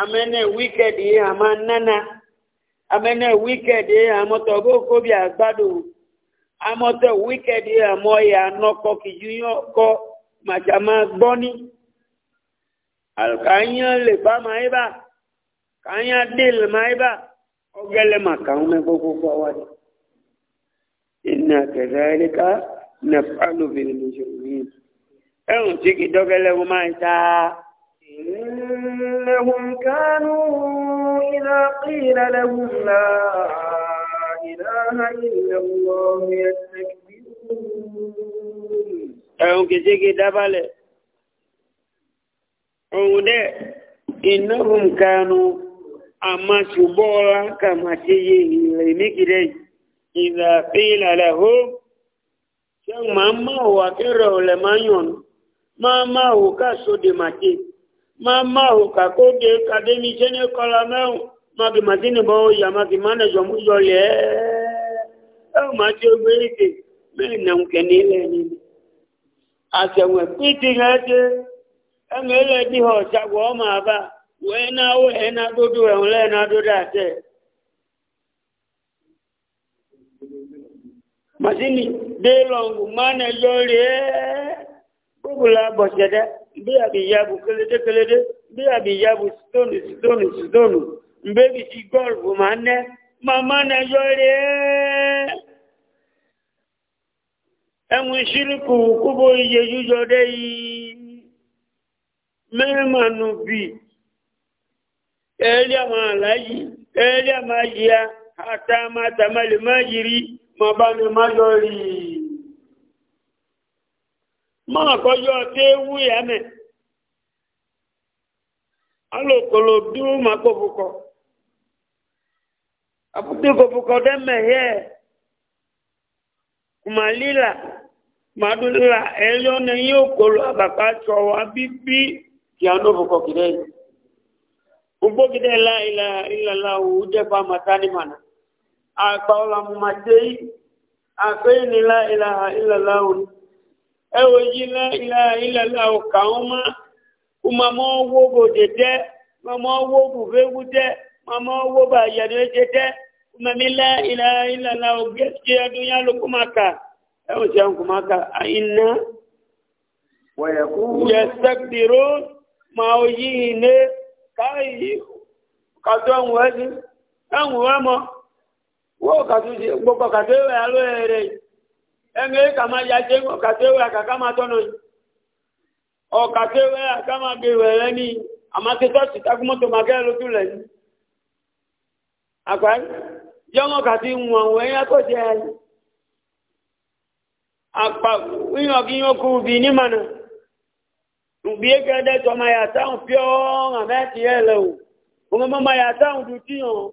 amene wicked ye ama nana amene wicked ye amoto boko bi agbado amoto wicked ye amo ya noko kijunyo ko majama gboni alkanya le ba maiba kanya dil maiba ogele makaume boko kwa wadi inna kadhalika naf'alu bil mujrimin ehun ti ki dogele wo mai ta إنهم كانوا إذا قيل لهم لا إله إلا الله يستكبرون أو كسيكي دبالي أو ده إنهم كانوا أما شبورا كما تيجي لمكري إذا قيل لهم شو ماما وكرة لما يون ماما وكاسو دماتي ma ma o ka ko de academy jene kola meu ma bi madine bo ya ma bi manager mu yo le o e, e, ma ti o gbe ite me na un keni le ni a se we piti ga de e me le di ho sa wo ma ba we na o na do do e na do da te de long la bí àbíyábu kélédé kélédé bí àbíyábu stone stone stone mbébi ti gọ́ọ̀lù máa nẹ́ màmá nẹ yọ rẹ̀ ẹ̀wọ̀n ìṣíríkù kúbò iye yíyọ dé yìí mẹ́rìnmánú bì ẹ̀ẹ́lì àwọn àláyé ẹ̀ẹ́lì àmáyé àtàmátàmálè má yìí rí màbá mi má yọ rí i. máa kọjọ́ tí wú ẹ̀mẹ̀ alòkòlò dúró máa kọfùkọ àpótí kọfùkọ dẹ́mẹ̀ yẹ kùmà lílà màdúlà ẹ̀yọ́ ni yóò kòlò àbàkà tsọ wa bíbí kì á nófùkọ kìdẹ́ yìí gbogbo kìdẹ́ la ìlà ìlàlà òwú jẹ́ fún amatani mànà àgbà ọ̀làmùmá dé yìí àfẹ́yìn ni la ìlà ìlàlà òní. ẹwọ yìí lẹ ilẹ ilẹ la ò kà wọn má kó mamọ wo bòde dẹ mamọ wo bùfẹwù dẹ mamọ wo bàyẹnu ẹjẹ dẹ kó lẹ ilẹ ilẹ la ò gé ṣe ẹdún yá ló kó má kà ẹwọ ṣe kó kà yẹ sẹkìrò wọ́n kàtó gbogbo kàtó yìí. ẹ̀ngẹ́ kà máa ya jẹ́ ọ̀kàtẹ́wẹ́ àkàkà máa tọ́nà ọ̀kàtẹ́wẹ́ àkà máa gbèrè rẹ ní àmàtẹ́tọ́sì takumọ́tò màkẹ́ lójú rẹ̀ ní. àpárí yọ́mọ̀ kàti wù àwọn ẹ̀yà kò jẹ́ ẹ̀ àpà wíyàn kí yóò kú bí ní mànà ìgbé gẹ́gẹ́ tọ́ máa yà táwọn fíọ́ hàn mẹ́tì ẹ̀ lẹ́wọ̀ òun mọ́ máa yà dùn tíyàn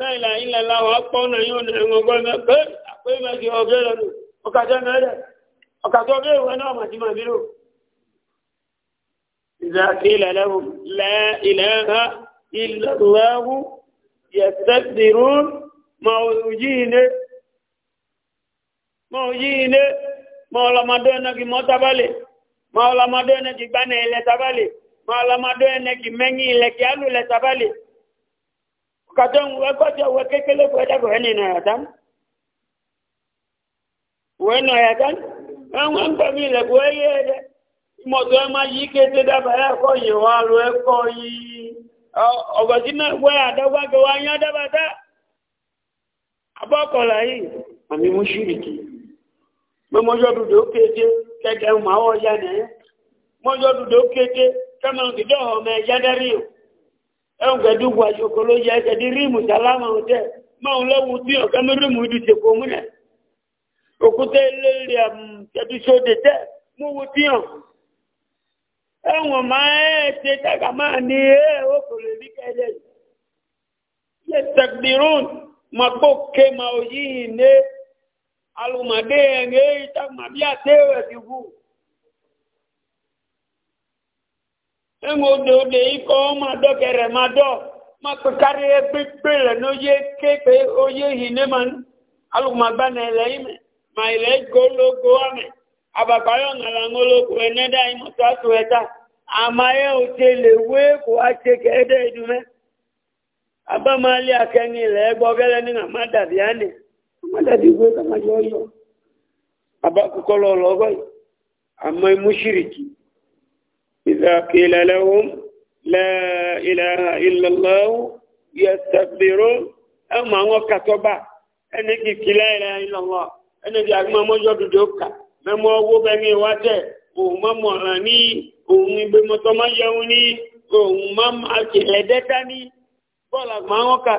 láìlà ilẹ̀ láwọn apọ́nà yóò nà ẹ̀wọ̀n gbọ́dọ̀ pé àpéyìmẹ́sì ọ̀bẹ lọ́nu ọ̀kàtọ́ mẹ́rẹ̀ ọ̀kàtọ́ bí ìwé náà màtí màbí rò. ìzàkí ilẹ̀ lẹ́hùn lẹ́ ilẹ̀ ha ilẹ̀ lẹ́hùn yẹ̀sẹ̀dìrú mọ̀ òjì ilé mọ̀ òjì ilé mọ̀ ọlọ́mọdé ẹ̀nà kì mọ́ tábàlẹ̀ ilẹ̀ tábàlẹ̀ mọ̀ ọlọ́mọdé ẹ̀nà mẹ́yìn ilẹ̀ kì ilẹ̀ tábàlẹ̀ kàtẹ́ ń wẹ́ kọ́tẹ́ wẹ́ kékeré fún ẹ̀dá fún ẹ̀nìyàn àyàtán wẹ́ nà àyàtán ẹ̀wọ̀n ń gbẹ̀mí ilẹ̀ kó ẹ yé ẹ̀dẹ́ mọ̀tò ẹ̀ máa yí kété dábàá ẹ̀ kọ́ yìí wọ́n alo ẹ̀ kọ́ yìí ọ̀gọ̀dì dábàá yìí àmì mú ṣìrìkì kété àwọn ọjà nìyẹn kété ẹ̀hùn kẹ̀dú wà ṣokòló yẹ kẹ̀dí rímù sàlámà ọ̀tẹ́ máa ń lọ́wọ́ tí ọ̀kẹ́ mi rímù ìdú ṣe kò múnẹ̀ òkúta ilé rẹ̀ um, kẹ̀dú ṣòdè tẹ́ mú wo tí hàn ẹ̀wọ̀n máa ẹ̀ ṣe tẹ́ka máa ní ẹ̀ òkòlè ní kẹ́lẹ́ yẹ tẹ̀gbìrún máa gbó ké máa òyìn ní alùmọ̀dé ẹ̀ ń ẹ̀wọ̀n òde òde ikọ̀ ọmọ adọ́kẹrẹ máa dọ́ máa pè kárí ẹgbẹ́ rẹ̀ ní oyé képe oyé ìhìnẹ́mọ̀ alùpùpàgbàna ẹ̀lẹ́ ìmẹ̀ mà ẹ̀lẹ́ gbólógó àmẹ̀ àbàkàyọ̀ ńlá ńlọ́gbọ̀ ẹ̀nẹ́dá ìmọ̀tò àtúwẹ̀ta àmàyẹ̀ òtẹ lè wé kó a ṣe kẹ́ẹ́dẹ́ ìdúmẹ́ abámalẹ̀ akẹ́ni ilẹ̀ gbọ́gẹ́lẹ́ ní àmà dàbí àná àmà dàbí ìwé kàmájọ́ yọ àbákùkọ́ lọ́ọ́ lọ́gọ́ yìí àmọ́ imú ṣìrìkì إذا قيل لهم لا إله إلا الله يستكبرون أما هو كتبا أنك لا إله إلا الله أنك أجمع مجرد دوكا mẹ́mọ́ owó bẹ́mi wájẹ́ òun má mọ̀ hàn ní òun ìgbémọ́tọ́ má yẹun ní òun má àkìlẹ̀ dẹ́ta ní bọ́ọ̀lù àgbà wọn kà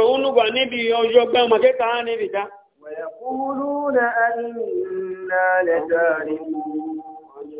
òun nùgbà níbi ọjọ́ gbẹ́ ọmọ kẹta á níbi ta. wẹ̀yẹ̀ kúrú náà ń nà lẹ́tà rí wù.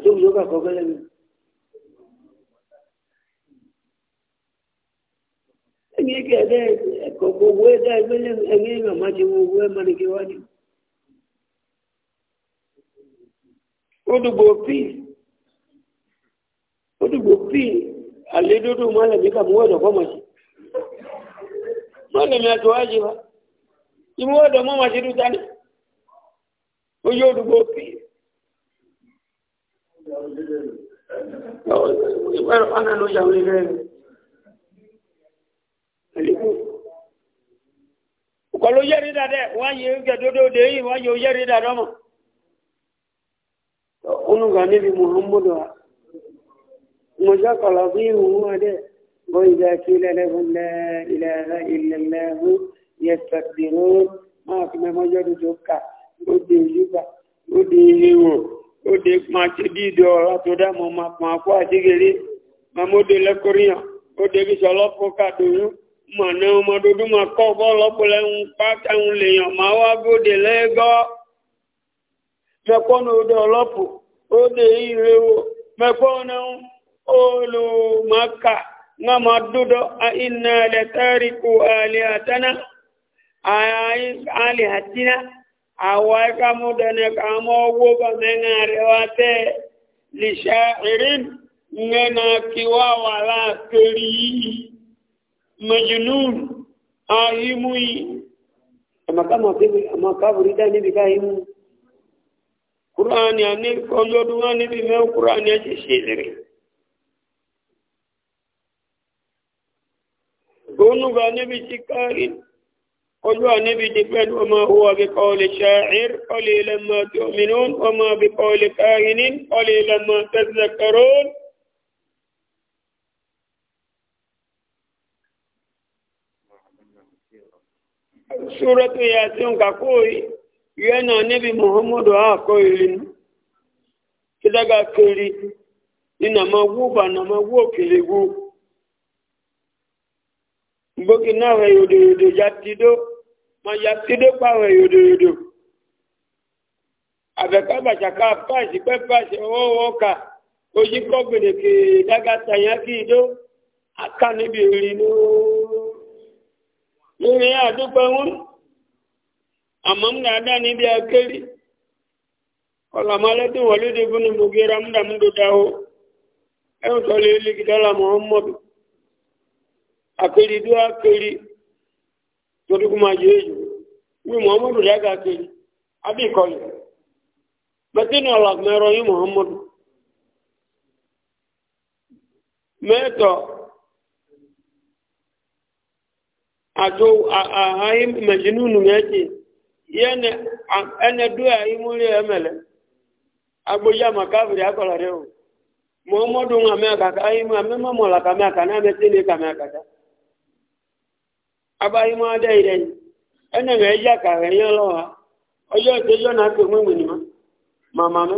àtúntò yóò kọ́ gẹ́lẹ́ mi. ẹ̀mí kí ẹ̀dẹ́ ẹ̀kọ́ gbogbo ẹ̀dá ẹgbẹ́lẹ́ ẹ̀mí màmá ti wo owó ẹ̀ mọ́lẹ́kẹ́ wá ní. odugbo pii odugbo pii aledodo malami ka mu wọ́dọ̀ fọ́mọ̀ sí malami àtọ́wájì wa ìmú wọ́dọ̀ mọ́mọ̀ sí dúdání ó yóò dùgbò pii ìbára fánà ló yà wọlé rẹ̀ ẹ̀lẹ́kù ọkọ̀ ló yẹ́rí dáadẹ́ wọ́n yẹ gẹ̀dọ́dọ́ dé yìí wọ́n yẹ yẹ́rí dáadọ́ mọ̀ onuga níbi muhammadu a mo jẹ́ kọ̀lọ̀ bí ìhùn adẹ́ bó ìjà kí lẹ́lẹ́gùn lẹ́ẹ̀lẹ́ ìlẹ́lẹ́gùn yẹ tẹ̀síwọ́n máa fi mẹ́mọ́ yọ́dún tó kà ó di ìlú gbà ó di ìlú wọn. ó de kuma dị bí ìdí ọ̀rá tó dá mọ́ ma kuma kó àtìgèrè mamóde lẹ́kọ́ríyàn ó de kí sọlọ́pọ̀ kàdóyún ma kọ́ bọ́ọ̀lọ́pọ̀ lẹ́hún pátá lèèyàn máa wá lẹ́gọ́ ó de ọlọ́pọ̀ ó de wo ma dúdọ̀ iná lẹ́tẹ́rì àlè àlè awai kamu dene kamu woba mengare wate lishairin ngena kiwa wala kiri majnun ahimui ama kama bibi ama kaburi dani bikahimu Qur'an ya ni kojo duwa ni bi me Qur'an ya shishire Gonu ga ne bi chikari قلوا نبي دبل وما هو بقول شاعر قليلا ما تؤمنون وما بقول كاهن قليلا ما تذكرون سورة ياسين كاكوي يانا نبي محمد وآكوي كده كاكري إنما غوبا نما غوكي لغوب mbogi nawe yodo yodo yatido ma yatido pawe yodo yodo abeka bachaka pasi pe pasi owo oka oji ko gbede ke daga tayan ki do aka ni bi ri no ni ya dupe won amam na da ni bi akeli kola male tu walidi bunu mugira mda mdu dawo e to le li kidala muhammadu akeli do akeli torí kó máa yé yìí wí muhammadu dága akeli àbí ìkọlẹ bẹtí ní ọlàgbẹrọ yín muhammadu mẹtọ àti àhàyè mẹjìnnú mẹjì yẹn ẹnẹ dúwà yìí múlẹ ẹmẹlẹ agbóyá màkàbìrì akọlọrẹ o muhammadu ń hàmẹ àkàkà ayé mu àmẹ mọmọlà kàmẹ àkàná mẹtí ní kàmẹ àkàtà. abayi mọ́ ọdẹ ìrẹ́ ni ẹnà rẹ̀ yà kà rẹ̀ ha, lọ́wọ́ ọjọ́ ìpé na pé mímú ni na mi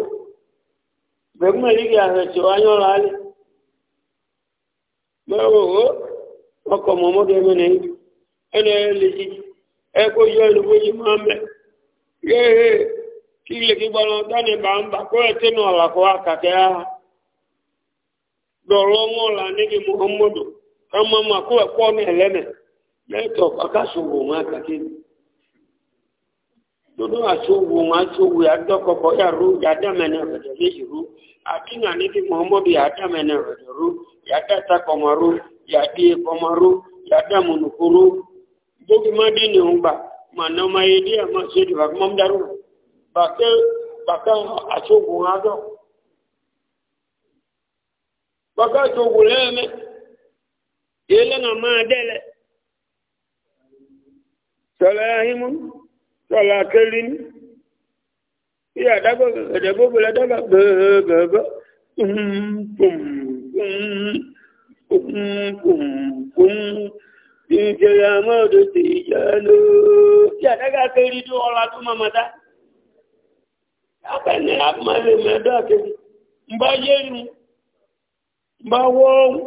bẹ̀rún ẹ̀lẹ́gì ààrẹ tí wọ́n yán ma mẹ́wọ́ ọkọ̀ mọ́mọ́dé mẹ́nà ìlú ẹnà lè ti ẹkọ́ yọ ìlúgbó yìí máa mẹ́ yéé kí ilé kí gbọ́dọ̀ dání bá kó lẹ́tọ̀ akásòwò máa kàkí dodo asòwò máa sòwò adọ́kọ̀kọ̀ yàrá yàdámẹ́nà rẹ̀ léyìírú àdínà níbi muhammadu yàdámẹ́nà rẹ̀ rú yàdáta kọmarú yàdí kọmarú yàdámùnùkúrú gbogbo má dín ní òun gbà màná máa yé díẹ̀ máa ṣe dùbà kí wọ́n dárò bàtẹ́ bàtẹ́ asòwò adọ́ bàtẹ́ asòwò lẹ́yìn mẹ́ yẹlẹ́nà máa dẹ́lẹ̀ tọ́lá ahímú tọ́lá akẹ́lí ní bí àdágbò gẹ̀gẹ̀dẹ̀ gbogbo lẹ́dọ́gba gbẹ̀gbẹ̀ ìjẹyà mọ́ọ̀dù ti ìjà ló bí àdágbà akẹ́lí tó ọlá tó máa mọ́ta apẹ̀lẹ̀ àmàlẹ̀ mẹ́dọ́ akẹ́lí ń bá yẹ́nu ń bá wọ́ọ̀hún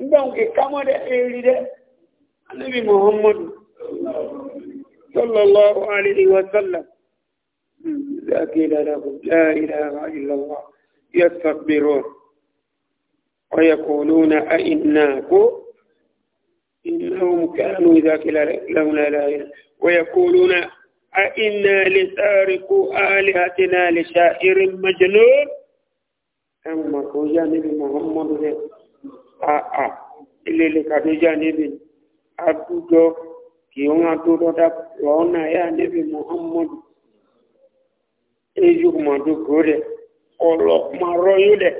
ń gbọ́n kí kámọ́dẹ̀ èrì dẹ́ alẹ́bí muhammadu صلى الله عليه وسلم إذا لهم لا إله إلا الله يستكبرون ويقولون أئناك إنهم كانوا إذا قيل لهم لا إله ويقولون أئنا لتاركوا آلهتنا لشاعر مجنون أما كوجا نبي محمد آآ إلي لكادوجا نبي أبو kì í wọn tó dọ́dá na ya n'ebe muhammadu ejú kùmọ̀dó gòrè ọ̀lọ́ máa rọ́yún dẹ̀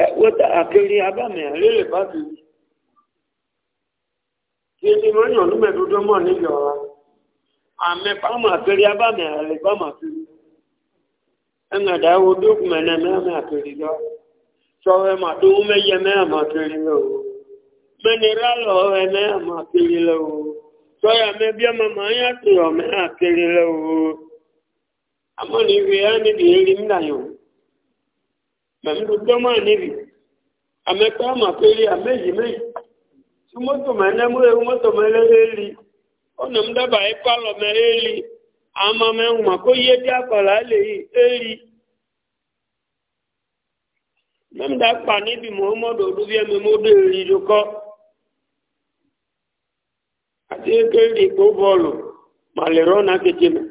ẹ wọ́tà àkèrè abámi bá bì kí ni ní mẹ́tòdó mọ̀ níbi ọ̀la àmẹ́ pàmò àkèrè abámi àlè pàmò àkèrè ẹ̀ńgà dáwọ́ dókùmẹ̀ náà mẹ́ mineral ọ̀rẹ́ náà máa kiri lọ o sọ́yà mẹ́bí ọmọ máa ń yàtọ̀ ọ̀mẹ́ àkiri lọ o àmọ́ níbi á níbi níbi kiri àmẹ́yì mẹ́yì tí mọ́tò mẹ́lẹ́ mú ewu mọ́tò mẹ́lẹ́ éèlì ọ̀nà ń dábàá ẹ pálọ̀ mẹ́ éèlì àmọ́ mẹ́hùn kó àti eke rí kó bọ́ọ̀lù màlẹ̀rọ́ náà kékeré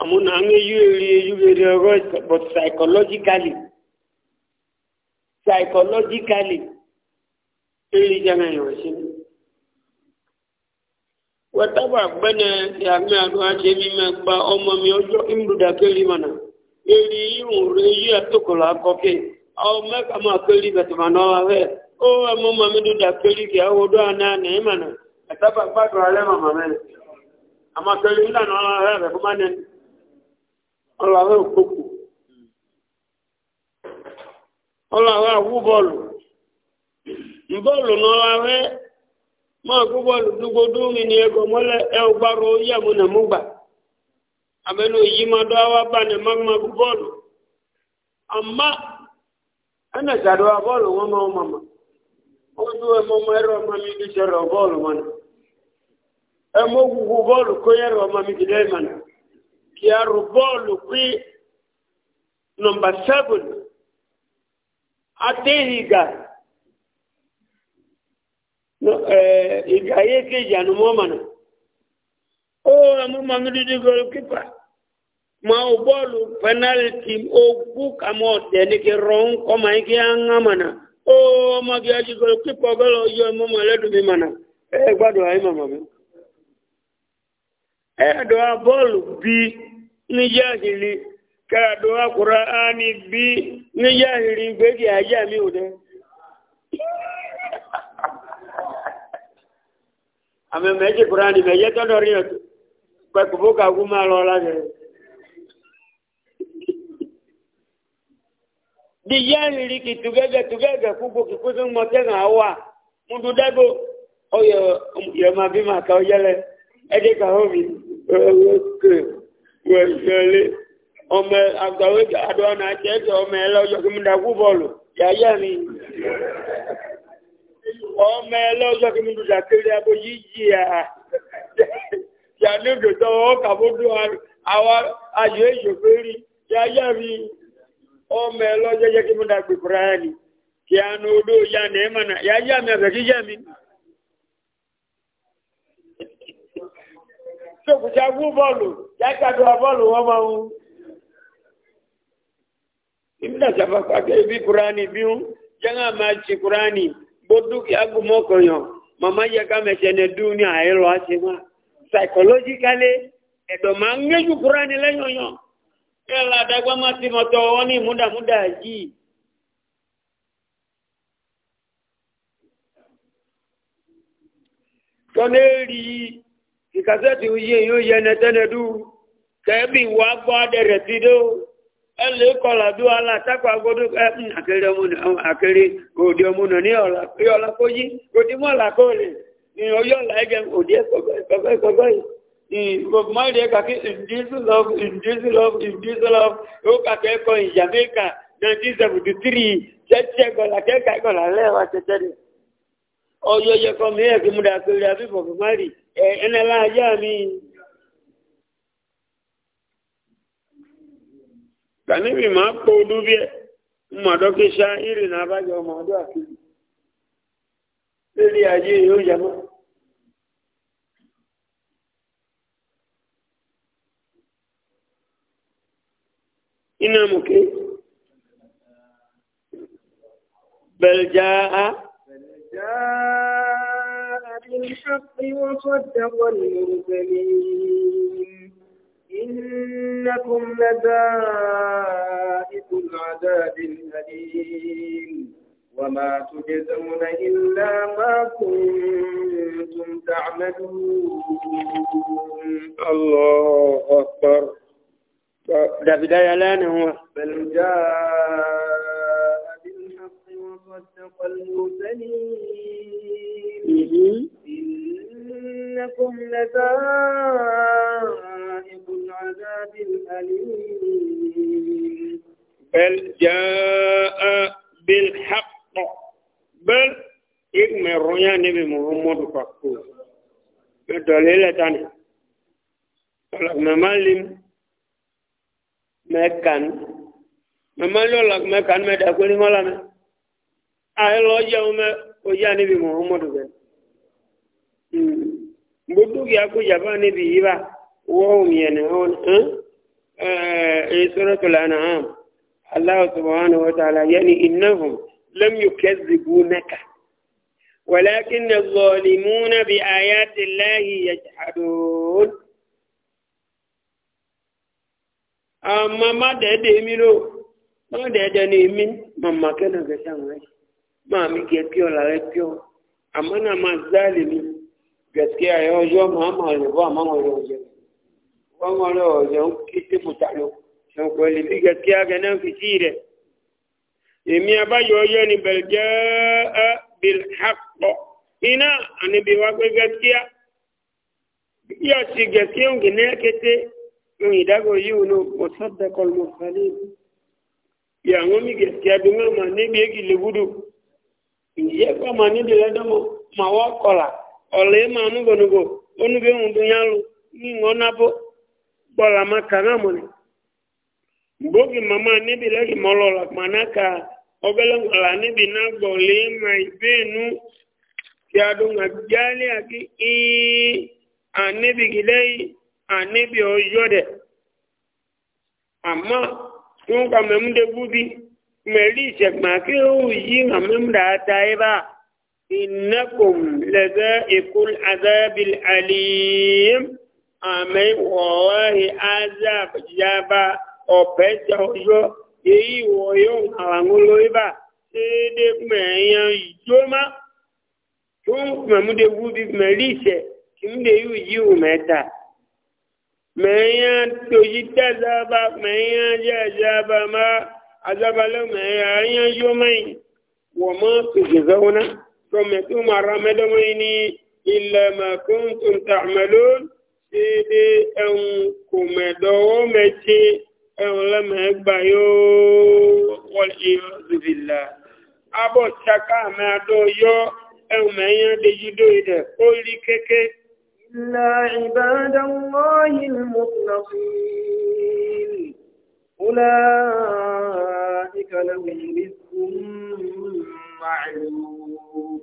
àmúna àwọn eyú èrè eyú èrè ọ̀rọ̀ psychologically psychologically èrè jẹ́nà ìwọ̀n sí bụ wọ́tábà ya ti àmì àdúrà ṣe ní mẹ́pa ọmọ mi ọjọ́ ìmúdà kékeré mana. èrè ìwọ̀n rẹ̀ eyú ẹ̀tọ́kọ̀lá kọ́kẹ́ ẹ̀sábà gbádùn alẹ́ màmá mẹ́rin àmọ́ akẹ́lẹ́ ìlànà ọlọ́run rẹ̀ fún mánẹ́ ọlọ́run òkòkò ọlọ́run àwú bọ́ọ̀lù bọ́ọ̀lù n'ọlọ́run máa kó bọ́ọ̀lù dúgbòdú mi ní ẹgbẹ́ mọ́lẹ̀ ẹ ò gbárò oyé àmúnà mú gbà àbẹ́nu èyí máa dọ́ wá bá ní magma kó bọ́ọ̀lù àmọ́ ẹnẹ̀ ṣàdọ́ bọ́ọ̀lù wọn máa mọ̀mọ́ ó dúró ẹmọ ọmọ ẹrọ ọmọ mi ní ṣẹlẹ̀ bọ́ọ̀lù mọ́ni ẹmọ wuwu bọ́ọ̀lù kó yẹ́rọ ọmọ mi jìlẹ̀ ìmọ̀nà kí a rù bọ́ọ̀lù pé nọmba sẹ́bùn adéhìgà ìgbà ayé kejì ànumọ́ mọ̀nà ó ẹmọ mọ̀mí dídí gọ́ọ̀lù kípa ma o bọ́ọ̀lù pẹ́nálítì ogún kàmọ́ ọ̀tẹ̀ ní kí rọ̀ún kọ́mà yìí kí á ń hàn mọ̀nà ó ọmọ kí á ti gọ́ọ̀lù kípa ọgọ́lù ọjọ́ ẹmọ mọ̀lẹ́dùn mi mọ̀nà ẹ eh, gbádùn ayé mọ̀mọ́ mi ẹ̀dọ̀ bọ́ọ̀lù bí ní yáhìrì kẹ́ẹ̀dọ̀ akùrá á ní bí ní yáhìrì gbégi ayé mi ò dẹ́. àmì mẹ́jì kúrá ni mẹ́jẹ tọ́dọ̀ rí ọ̀tún pẹ̀kùbó kàkú máa lọ lágẹ̀rẹ̀. di yáhìrì kì tùgẹ́gẹ́ tùgẹ́gẹ́ kúgbò kì kú sí mọ́tẹ́gàn àwà mú dúdẹ́gbò ọ̀yọ̀ yọ̀ọ́ máa bí màkà ọ̀yẹ́lẹ̀ ẹ̀dẹ́gà hómi ewéke wẹ̀sẹ̀lé ọmọ àgbàwé àdọ́nà àjẹ́jọ ọmọ ẹlọ́jọ́ kí mú dákú bọ́ọ̀lù yáyà ni ọmọ ẹlọ́jọ́ kí mú dùdàkiri abo yíyí à yàdúdò tọwọ́ kàbódú àwọn àjò èjòkó rí yáyà ni ọmọ ẹlọ́jọ́ jẹ́ kí mú ni kí a ní odó yá ní ẹ̀mọ̀nà tókùtà wú bọ́ọ̀lù jákàdù bọ́ọ̀lù wọn máa wú. ìmúdà sàfàfà kẹ́ ibi kurani bí ń jẹ́ngà máa ti kurani bó dúkìá gbọmọ kọyàn màmá yẹ ká mẹsẹ̀ ní dùn ní àìlọ́ àti wọn. psychologically ẹ̀dọ̀ máa ń yẹ́jú kurani lẹ́yọ̀yàn. ẹ ládàgbà máa ti mọ̀tọ́ wọn ní ìmúdàmúdà yìí. tọ́lẹ́rì ìkàsẹ́tì oyè yóò yẹ ẹnẹtẹ́nẹdú kẹ́ẹ́bì wà gbọ́ adẹ̀rẹ̀ ti dó ẹlẹ́ kọlà dó ala tápà gbọdọ̀ ẹ̀hún àkèrè òde ọmọnà ní ọ̀la pé ọ̀la kó yí òde mọ́là kó lè ní ọyọ́ ọ̀la ẹ̀gẹ̀ òde ẹ̀kọ́gbẹ́ ìgbọ̀gbọ̀mọ́dé kàkí ìdíṣìlọ́f ìdíṣìlọ́f ìdíṣìlọ́f ó kàkẹ́ ẹ̀kọ́ ìjàmẹ́kà 1973 tẹ́tẹ́ gọ̀là kẹ́kà gọ̀là lẹ́wà tẹ́tẹ́ rẹ̀ ọyọ́ yẹ kọ́ mi ẹ̀kí múdà kiri àbí bọ̀gbọ̀mọ́dé ẹ̀ẹ́nà láàájá mi kàníbì máa pọ̀ odú bí ẹ̀ mọ̀dọ́ kí ṣá ìrìnà abájọ ọmọ ọdọ́ àkíyì lórí ayé yóò yàmọ́ iná mùké bẹ̀rẹ̀ jáá بالحق وصدق المرسلين إنكم لذائق العذاب الأليم وما تجزون إلا ما كنتم تعملون الله أكبر ده بداية الآن هو بل جاء بالحق وصدق المرسلين بقوله إنكم لذائق العذاب الأليم بل جاء بالحق بل إغمى الرؤيا نبي محمد فكو دليل تاني ممالم مكان ممالو لك مكان مدى كل ملامة أهل الله يوم ويا نبي محمد فكو gbogbo ya ko jaba ne bi yiba wo mi ne on an eh, eh, eh suratul an'am eh? Allah subhanahu wa ta'ala yani innahum lam yukazzibunaka walakin adh-dhalimuna bi ayati Allahi yajhadun amma ma da da mi lo ma da ni mi mamma kana ga san wai ma mi ke pio la pio amma na ma zalimi gaskiya yau yau muhammadu ba mangwaro wajen mangwaro wajen kiti mutane sun kwalli bi gaskiya ga nan fi cire emi aba yoyo ni belja bil haqqo ina ani bi wa gaskiya ya si gaskiya ngi ne kete ngi dago yuno musaddaqal mursalin ya ngomi gaskiya dunga ma ne bi gi lebudu ngi ya ma ne bi ladamo ma wa ọla ịma anụgonugo onugo enwudo ya alụ n'iwe ọ na nabụ ma ka ha mụrụ mgbe oge mama nebila gị mọlụ ọla mana ka ogele ọla nebi na agba gbọla ịma ibenu kiado nga jali aki ii anebi gidei anebi ọjọ dị. ama tún ka mẹmúdé gúdi mẹlí ma akéwù yìí nga mẹmúdé ata yìí a. إنكم لذائق العذاب الأليم أمي والله عذاب جابا أبدا أجو إي ويوم ألانغولو إبا سيدك ميا يجوما تونك ممودي وودي مليسة كمدي يجيو ميتا مين توجيتا زابا ميا جا ما عذاب لهم مين يجومين وما تجزونا ثم رمضان إلا ما كنتم تعملون سيدي أنكم دومتي أن لم يقبلوا والعياذ بالله أبو شكا ما دو يو أو ما يدي دويدة قولي كيكي إلا عباد الله المخلصين أولئك لهم رزق معلوم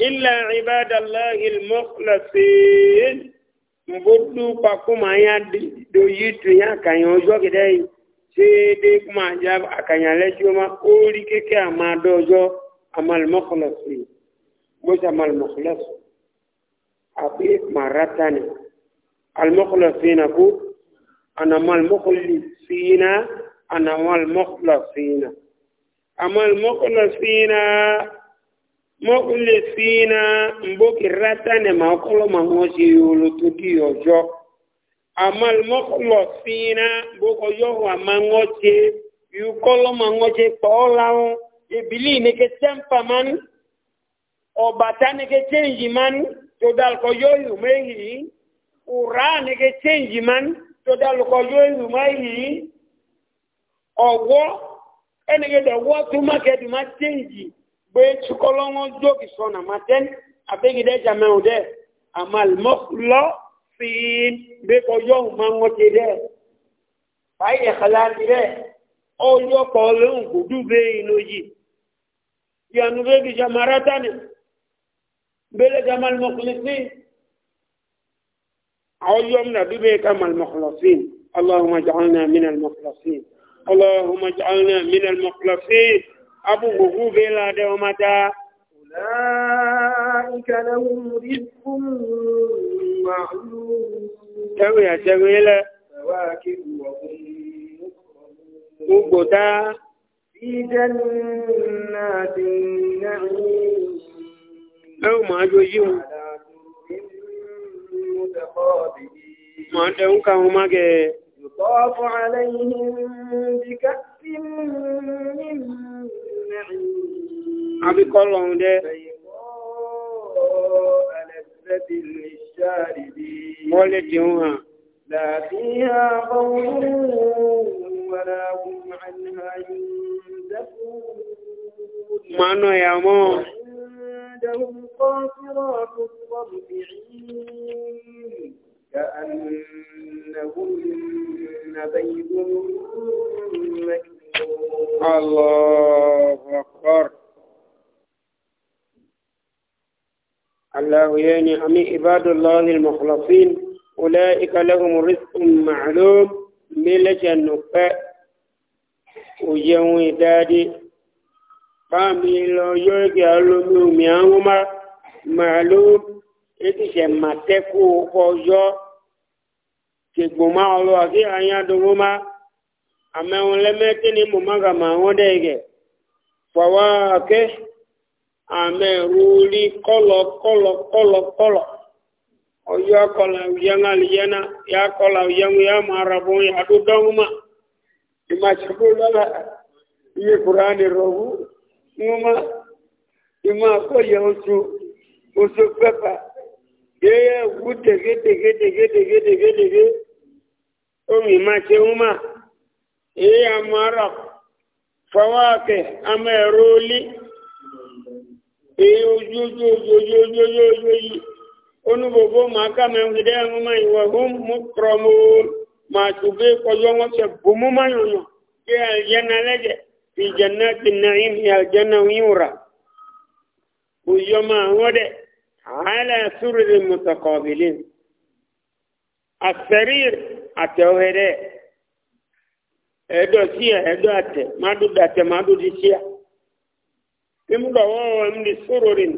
illa ibadallahi الله المخلصين، mbodu pakuma ya do yitu ya kanyo jo gidai sede kuma ja akanya lejo ma ori keke ama dojo amal mukhlasin bo amal mukhlas api maratani al mukhlasina ku ana mal mukhlisina ana mal mukhlasina amal mukhlasina mukhlisina mboki ratane makolo mangoji ulutudi ojo amal mukhlisina mboko yo wa mangoji yukolo mangoji pola ibili ne ke tempa man o batane ke change man to dal ko yo yu mehi urane ke change man to dal ko yo yu mehi owo enege de wo tu market ma change be chukolongo jogi sona maten abegi de jame ude amal moklo fi be ko yo mango tide bai e khalan dire o yo ko lon gudu be inoji ya nu be gi jamaratane bele jamal mukhlisin او يوم نبي كما المخلصين اللهم اجعلنا من المخلصين اللهم اجعلنا من المخلصين abubugu bela da mata ulaika lahum rizqun ma'lum tawiya tawila gbogbo ta ẹ ò máa jó yíò máa tẹ̀hún káwọn má gẹ̀ يطاف عليهم بكأس من àbíkọ́ lọ́run dẹ́. wọ́n lè dín hàn. لا فيها قول ولا هم عنها ينزفون معنى يا مو عندهم قاصرات الطرف عين كأنهن بيض مكين الله أكبر الله يعني أمي عباد الله المخلصين أولئك لهم رزق معلوم ملجا نفاء وجوي دادي فامي لو يوجي ألومي ميانهما معلوم إتشي ما فوجو تكو ما أولو أكي أن يدوما amẹ́hun lẹ́mẹ́tí ni mo má gàmà wọ́n dẹ́gẹ̀ pọ̀wá akẹ́ àmẹ́ rúlí kọ́lọ̀ kọ́lọ̀ kọ́lọ̀ kọ́lọ̀ ọjọ́ kọ́lọ̀ yẹn alìyẹnà yà kọ́lọ̀ yẹn yà o rabọ́ yà dó dọ́gbọ́mà ìmàṣẹ́kọ́ lọ́la iye kura ni rọ̀wú ńwọ́mà ìmọ̀ àkọ́yẹ oṣù oṣù pẹ́pà yẹ́yẹ́ wú tẹ̀gẹ́tẹ̀gẹ́tẹ̀gẹ́tẹ̀gẹ́tẹ̀gẹ́ omi ìmàṣẹ́ ńwọ́mà èyí àmọ́ra fọwọ́kẹ̀ àmọ́ ẹ̀rọ olí èyí ojójó ojójó ojójó ojójó onúbòbó máa kàmẹ́ ìdẹ́ ẹ̀mọ́mọ́ ìwọ̀ hún mú kọ̀ọ̀mọ́ máa tùgbé kọjọ wọn ṣe bùmú máyọ̀nà kí àìjẹ́nà lẹ́jẹ̀ fi jẹ̀nà ti nà í ní àìjẹ́nà yíwòrà òjò máa wọ́n dẹ̀ àálẹ̀ sùrù ní mùsàkọ̀ọ̀bìlì àṣẹrí àtẹ̀wẹ̀dẹ̀ ẹ̀dọ̀ sí ẹ̀dọ̀ àtẹ̀ madu dúdú àtẹ̀ máa dúdú sí à. Mímúdọ̀ wọ́wọ́ ẹ̀mí sọ̀rọ̀ rìn.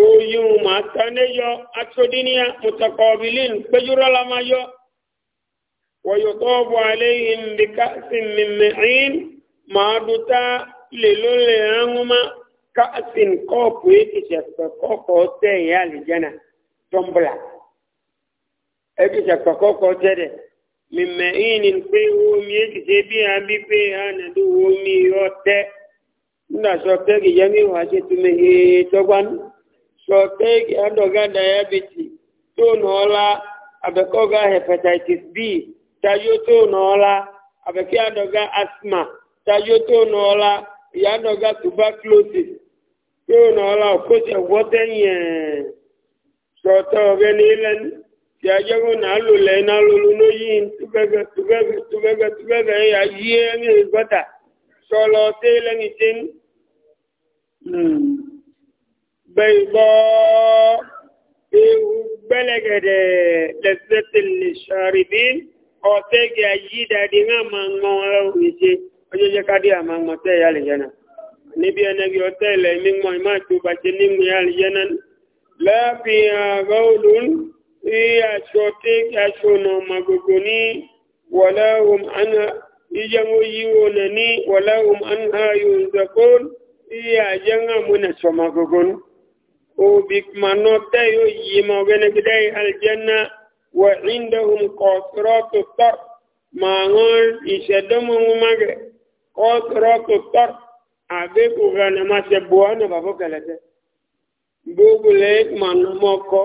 Oyún màá ta ní yọ aṣọ́dínníà mùtàkọ̀ ọ̀bìlín péjúrọ́ la máa yọ. Wọ̀yọ̀tọ̀ bọ̀ alẹ́ yìí ń bí káàsì mìmìrín màá dúta lè ló lè ránwọ́má káàsì kọ́ọ̀pù ètò ìṣẹ̀pẹ̀ kọ́kọ́ tẹ̀ ìyá àlìjẹ́nà tọ́ḿbùlà. Ètò ìṣẹ̀pẹ̀ kọ́kọ́ tẹ̀ mímẹ ìní pé omi mi èkì ṣe bí i àbí pé omi owó mi ndị nígbà sọ pé kì yẹ ṣe túnmẹ èè tọgbánú diabetes tó nọọla hepatitis b tayó tó nà ọlá abẹkí àdọgá asthma tayó tó ìyá tuberculosis tó nà wọtẹ yẹn ya jẹ́wọ́ náà lò lẹ́ náà lòlú ló yí tùbẹ́gẹ́ tùbẹ́gẹ́ tùbẹ́gẹ́ tùbẹ́gẹ́ ya yí ẹ́ ní ìgbọ́ta sọlọ tẹ́ lẹ́yìn tẹ́ ní. bẹ́ẹ̀ bọ́ ewu gbẹ́lẹ́gẹ̀dẹ̀ lẹ́sẹ̀tẹ̀ lè ṣàrìbí ọ̀tẹ́gẹ̀ ayé dàdé náà máa ń mọ ẹrù ìṣe ọjọ́ jẹ́ ká dé àmọ́ ọmọ tẹ́ ìyá lè yẹn níbi ẹnẹ́gì ọtẹ́ ilẹ̀ mímọ́ ìmáàtó bàtẹ́ nímú ìyá yẹn náà. lẹ́ẹ̀fì àgọ́ òdòdó aṣọ tí aṣọ ọ̀nà ọmọgbogbo ní wọ̀láhùn àná ìjẹmú yíwò nà ní wọ̀láhùn àná yóò zẹ̀kọ́ ìyá àjẹ́ngà múnà sọmọgbogbo ní obì manọ tẹ́ yóò yí ma ọgbẹ́ni gidẹ́ aljanna wà ìndẹ̀hùn kọ̀ọ̀tọ̀rọ̀ tó tọ́ màá ń ìṣẹ̀dọ́mọ̀ wọn mọ́gẹ̀ kọ̀ọ̀tọ̀rọ̀ tó tọ́ àbẹ́kù gánà má ṣe bọ́ ọ́nà bàbá kẹlẹ́tẹ́ gbogbo lẹ́yìn manọ mọ́kọ́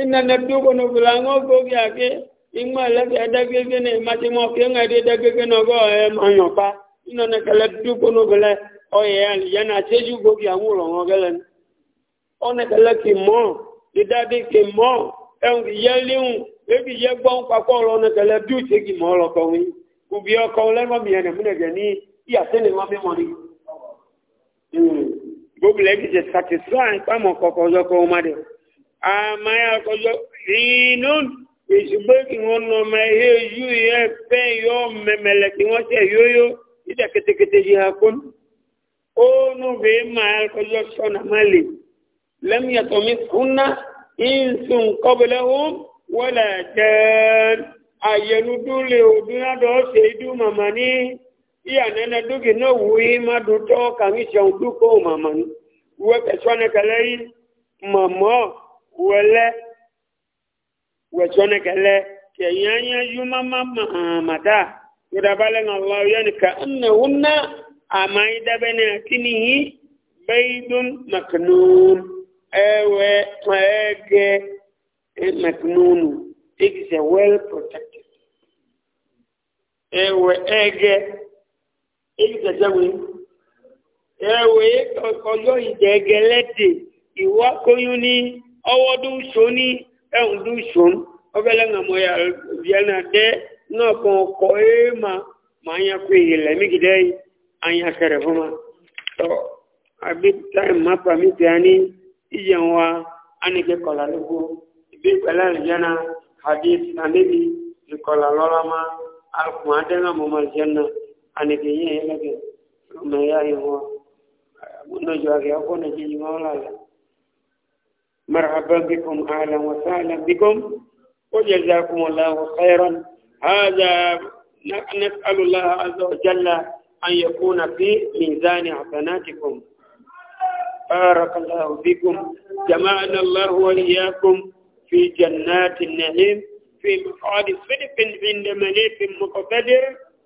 ina na ko no bulango ko ya ke ingma la ke ada ke ke ne ma ti mo ke nga de da ke ke no go e ma yo pa ina na kala du ko no bele o ye al ya na che ju go ki amu ro ngo gele o na kala ki mo de da de ki mo e un ye li un e bi ye gbon pa ko ro na kala du che ki mo ro ko wi ku bi o ko le mo mi ene mu ne ge ni ya se ne mo mi mo ni gbogbo ẹbí ṣe satisfying pàmò kọkọ ọjọ kọ ọmọ dẹ àmà àkọjọ inú ìṣùgbọ́n kí wọ́n nọ ọmọ ẹ̀yẹ yú ẹ̀ fẹ́ yọ mẹ̀mẹ̀lẹ̀ kí wọ́n ṣe yóyó ìjà kẹtẹkẹtẹ yìí àkónú ó nù bí mà àkọjọ sọnà má lè iya nene dugi no wui ma duto kangi siang duko ma uwe pesone le mamo uwele wesone kele ke yanya yuma mama mata yudabale ngallahu yani ka annahunna amaida bene baydun maknun ewe e it is a well protected ewe ege ebi tẹsẹ wo ẹwẹ ọyọ ìdẹgẹlẹdẹ ìwà kóyún ní ọwọ dún sọ ní ẹhùn dún sọ ọbẹlẹ ńàmọ ya viẹnà dẹ náà kàn kọ ee ma màá yà kó èyí lẹmí gidẹ yìí àyà kẹrẹ fún ma tọ àbí táìmù má pàmì tẹ á ìyẹn wa ánìkẹ kọlà lóko ìbí pẹlẹ ìyẹnà hadith nàlẹbi ìkọlà lọlọmọ alùpùpù àdéhùn àmọmọ ìyẹn náà. anìkè yìí yẹn lẹ́kẹ̀ ọmọ ẹ̀yà yìí wọ́n lójú àgbẹ̀ ọkọ̀ náà jẹ́ ìmọ̀ ọ̀la rẹ̀ marhaban bikum ahlan wa sahlan bikum wa jazakumullahu khairan hadha نسأل الله عز وجل أن يكون في ميزان حسناتكم بارك الله بكم جمعنا الله وإياكم في جنات النعيم في مقعد صدق عند مليك مقتدر